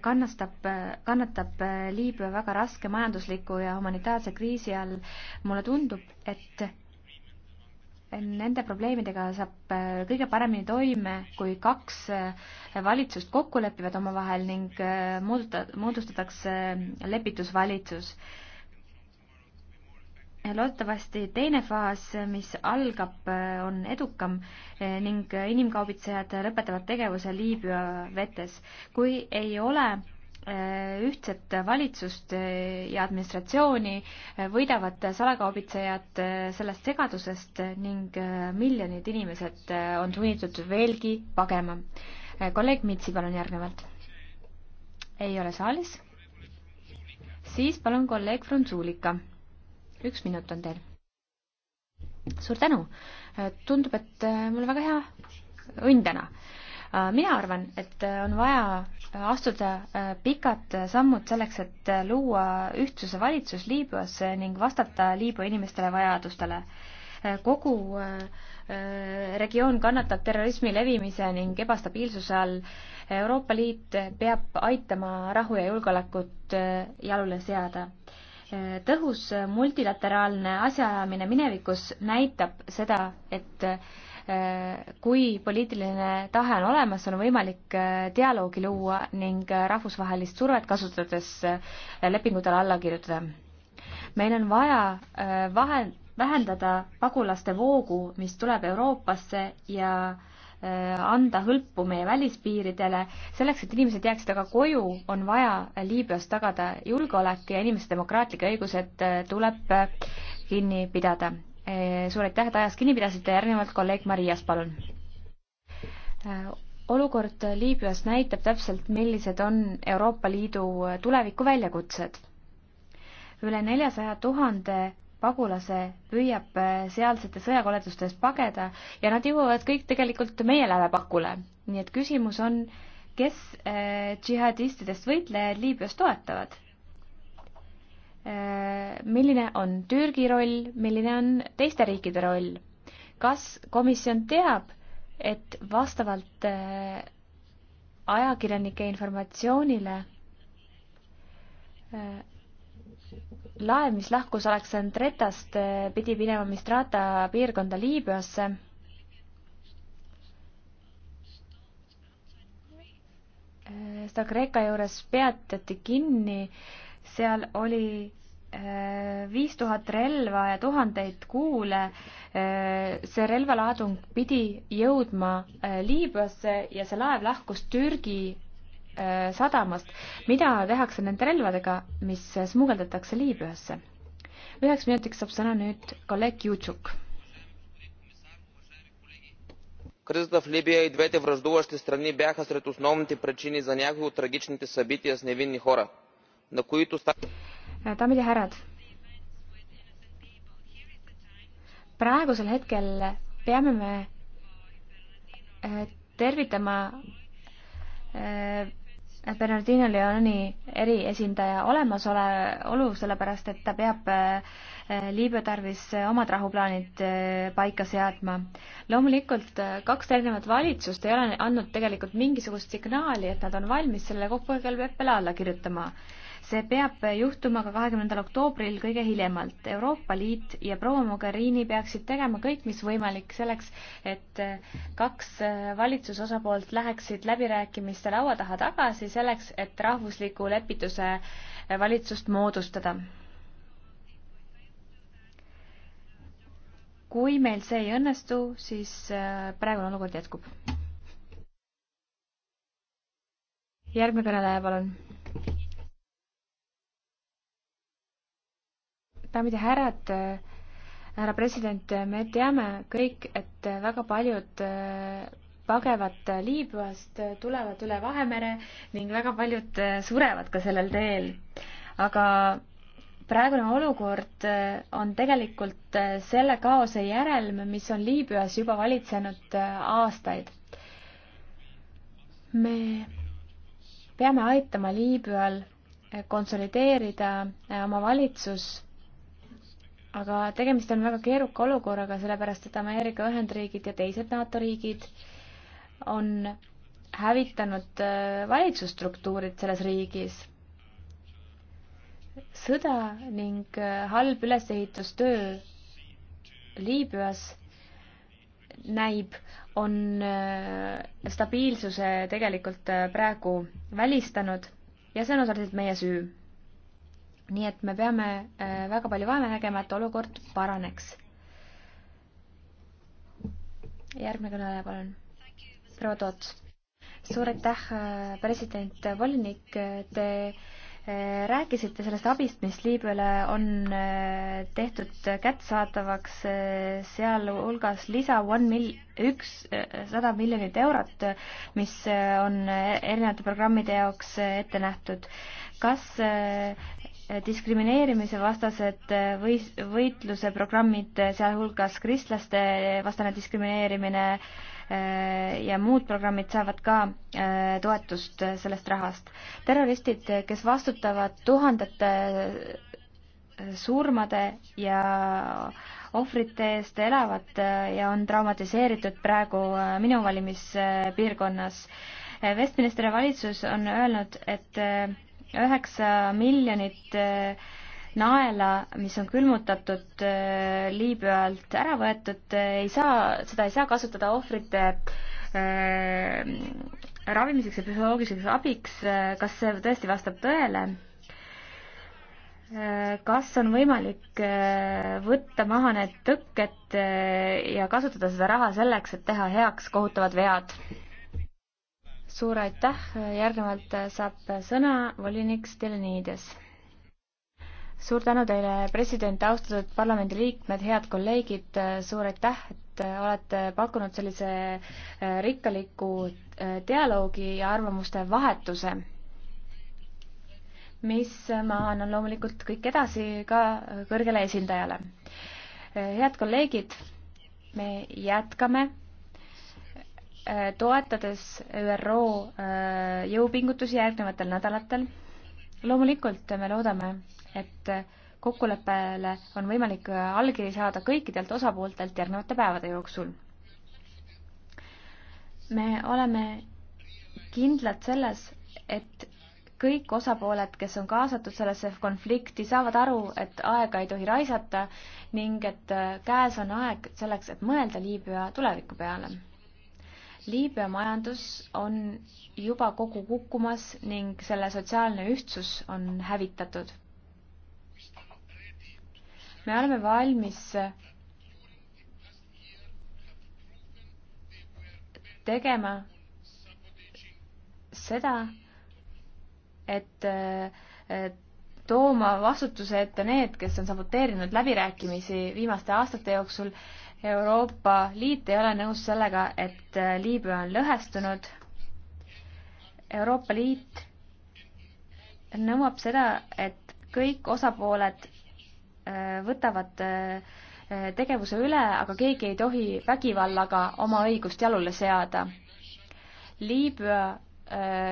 kannastab, kannatab Liibüa väga raske majandusliku ja humanitaarse kriisi all. mulle tundub, et nende probleemidega saab äh, kõige paremini toime, kui kaks äh, valitsust kokku lepivad omavahel ning äh, moodustatakse lepitusvalitsus. loodetavasti teine faas, mis algab, on edukam ning inimkaubitsejad lõpetavad tegevuse Liibüa vetes. kui ei ole Äh, ühtset valitsust äh, ja administratsiooni, äh, võidavad salakaubitsejad sellest segadusest ning miljonid inimesed on sunnitud veelgi pagema. kolleeg Mitsi, palun järgnevalt. ei ole saalis? siis palun kolleeg Frunzulika. üks minut on teil. suur tänu. tundub, et mul väga hea õnn täna Äh, mina arvan, et äh, on vaja äh, astuda pikad sammud selleks, et luua ühtsuse valitsus Liibüas ning vastata Liibüa inimestele vajadustele. kogu regioon kannatab terrorismi levimise ning ebastabiilsuse all. Euroopa Liit peab aitama rahu ja julgeolekut jalule seada tõhus multilateraalne asjaajamine minevikus näitab seda, et kui poliitiline tahe on olemas, on võimalik äh, dialoogi luua ning äh, rahvusvahelist survet kasutades äh, lepingutele alla kirjutada. meil on vaja vahe, vähendada pagulaste voogu, mis tuleb Euroopasse ja anda hõlpu meie välispiiridele. selleks, et inimesed jääksid aga koju, on vaja Liibüas tagada julgeolek ja inimeste demokraatlikke õigused tuleb kinni pidada. Eh, suur aitäh, et ajast kinni pidasite, järgnevalt kolleeg Marias, palun. Eh, olukord Liibüas näitab täpselt, millised on Euroopa Liidu tuleviku väljakutsed. üle neljasaja tuhande pagulase püüab eh, sealsete sõjakoleduste eest pageda ja nad jõuavad kõik tegelikult meie lävepakule. nii et küsimus on, kes džihadistidest võitlejaid Liibüas toetavad milline on Türgi roll, milline on teiste riikide roll? kas komisjon teab, et vastavalt äh, ajakirjanike informatsioonile äh, laev, mis lahkus Aleksandretast, äh, pidi minema Mistrata piirkonda Liibüasse seda Kreeka juures peatati kinni seal oli äh, viis tuhat relva ja tuhandeid kuule. Äh, see relvalaadung pidi jõudma äh, Liibüasse ja see laev lahkus Türgi sadamast. mida tehakse nende relvadega, mis smugeldatakse Liibüasse? üheks minutiks saab sõna nüüd kolleeg Jutšuk. Кризата в Либия и двете враждуващи страни бяха сред основните причини за някои от трагичните събития с невинни хора – на които... Daamid ja härrad, praegusel hetkel peame me eh, tervitama eh, Bernardino Leoni eriesindaja olemasolu, sellepärast et ta peab eh, Liibüa tarvis omad rahuplaanid paika seadma. loomulikult kaks erinevat valitsust ei ole andnud tegelikult mingisugust signaali, et nad on valmis selle kokkuleppele alla kirjutama see peab juhtuma ka kahekümnendal oktoobril kõige hiljemalt. Euroopa Liit ja proua Mogherini peaksid tegema kõik, mis võimalik selleks, et kaks valitsuse osapoolt läheksid läbirääkimiste laua taha tagasi selleks, et rahvusliku lepituse valitsust moodustada. kui meil see ei õnnestu, siis äh, praegune olukord jätkub. järgmine kõneleja, palun daamid ja härrad, härra president, me teame kõik, et väga paljud äh, pagevad Liibüast, tulevad üle Vahemere ning väga paljud äh, surevad ka sellel teel. aga praegune olukord äh, on tegelikult selle kaose järelm, mis on Liibüas juba valitsenud aastaid. me peame aitama Liibüal konsolideerida oma valitsus aga tegemist on väga keeruka olukorraga, sellepärast et Ameerika Ühendriigid ja teised NATO riigid on hävitanud äh, valitsusstruktuurid selles riigis. sõda ning äh, halb ülesehitustöö Liibüas näib, on äh, stabiilsuse tegelikult praegu välistanud ja see on osaliselt meie süü nii et me peame äh, väga palju vaeva nägema, et olukord paraneks. järgmine kõneleja, palun. proua Toots. suur aitäh, äh, president volinik, te äh, rääkisite sellest abist, mis Liibüale on tehtud kättesaadavaks, sealhulgas lisa one mil-, üks sada miljonit eurot, mis on erinevate programmide jaoks ette nähtud. kas diskrimineerimise vastased või, võitluse programmid, sealhulgas kristlaste vastane diskrimineerimine äh, ja muud programmid saavad ka äh, toetust sellest rahast. terroristid, kes vastutavad tuhandete äh, surmade ja ohvrite eest elavad ja on traumatiseeritud praegu minu valimispiirkonnas. Westministeri valitsus on öelnud, et üheksa miljonit eh, naela, mis on külmutatud eh, Liibüalt ära võetud, eh, ei saa, seda ei saa kasutada ohvrite äh, ravimiseks ja psühholoogiliseks abiks, kas see tõesti vastab tõele? kas on võimalik võtta maha need tõkked ja kasutada seda raha selleks, et teha heaks kohutavad vead? suur aitäh, järgnevalt saab sõna volinik Stelnides. suur tänu teile, president, austatud parlamendiliikmed, head kolleegid, suur aitäh, et olete pakkunud sellise äh, rikkaliku äh, dialoogi ja arvamuste vahetuse, mis ma annan loomulikult kõik edasi ka kõrgele esindajale. Äh, head kolleegid, me jätkame Äh, toetades ÜRO äh, jõupingutusi järgnevatel nädalatel. loomulikult me loodame, et kokkuleppele on võimalik äh, allkiri saada kõikidelt osapooltelt järgnevate päevade jooksul. me oleme kindlad selles, et kõik osapooled, kes on kaasatud sellesse konflikti, saavad aru, et aega ei tohi raisata ning et käes on aeg selleks, et mõelda Liibüa tuleviku peale Liibüa majandus on juba kogu kukkumas ning selle sotsiaalne ühtsus on hävitatud. me oleme valmis tegema seda, et tooma vastutuse ette need, kes on saboteerinud läbirääkimisi viimaste aastate jooksul Euroopa Liit ei ole nõus sellega, et äh, Liibüa on lõhestunud. Euroopa Liit nõuab seda, et kõik osapooled äh, võtavad äh, tegevuse üle, aga keegi ei tohi vägivallaga oma õigust jalule seada. Liibüa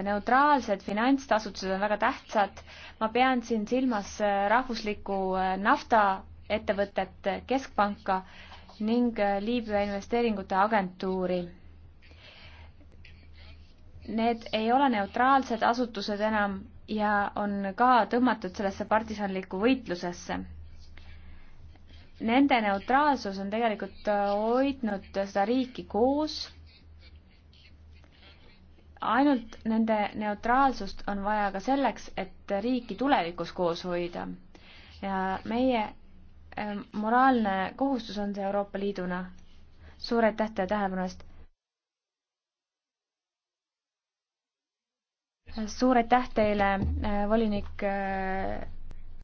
neutraalsed finantstasutused on väga tähtsad. ma pean siin silmas rahvuslikku naftaettevõtet, keskpanka, ning äh, Liibüa investeeringute agentuuri. Need ei ole neutraalsed asutused enam ja on ka tõmmatud sellesse partisanlikku võitlusesse. Nende neutraalsus on tegelikult äh, hoidnud seda riiki koos ainult nende neutraalsust on vaja ka selleks, et riiki tulevikus koos hoida. ja meie moraalne kohustus on see Euroopa Liiduna. suur aitäh teile tähelepanu eest. suur aitäh teile, eh, volinik eh,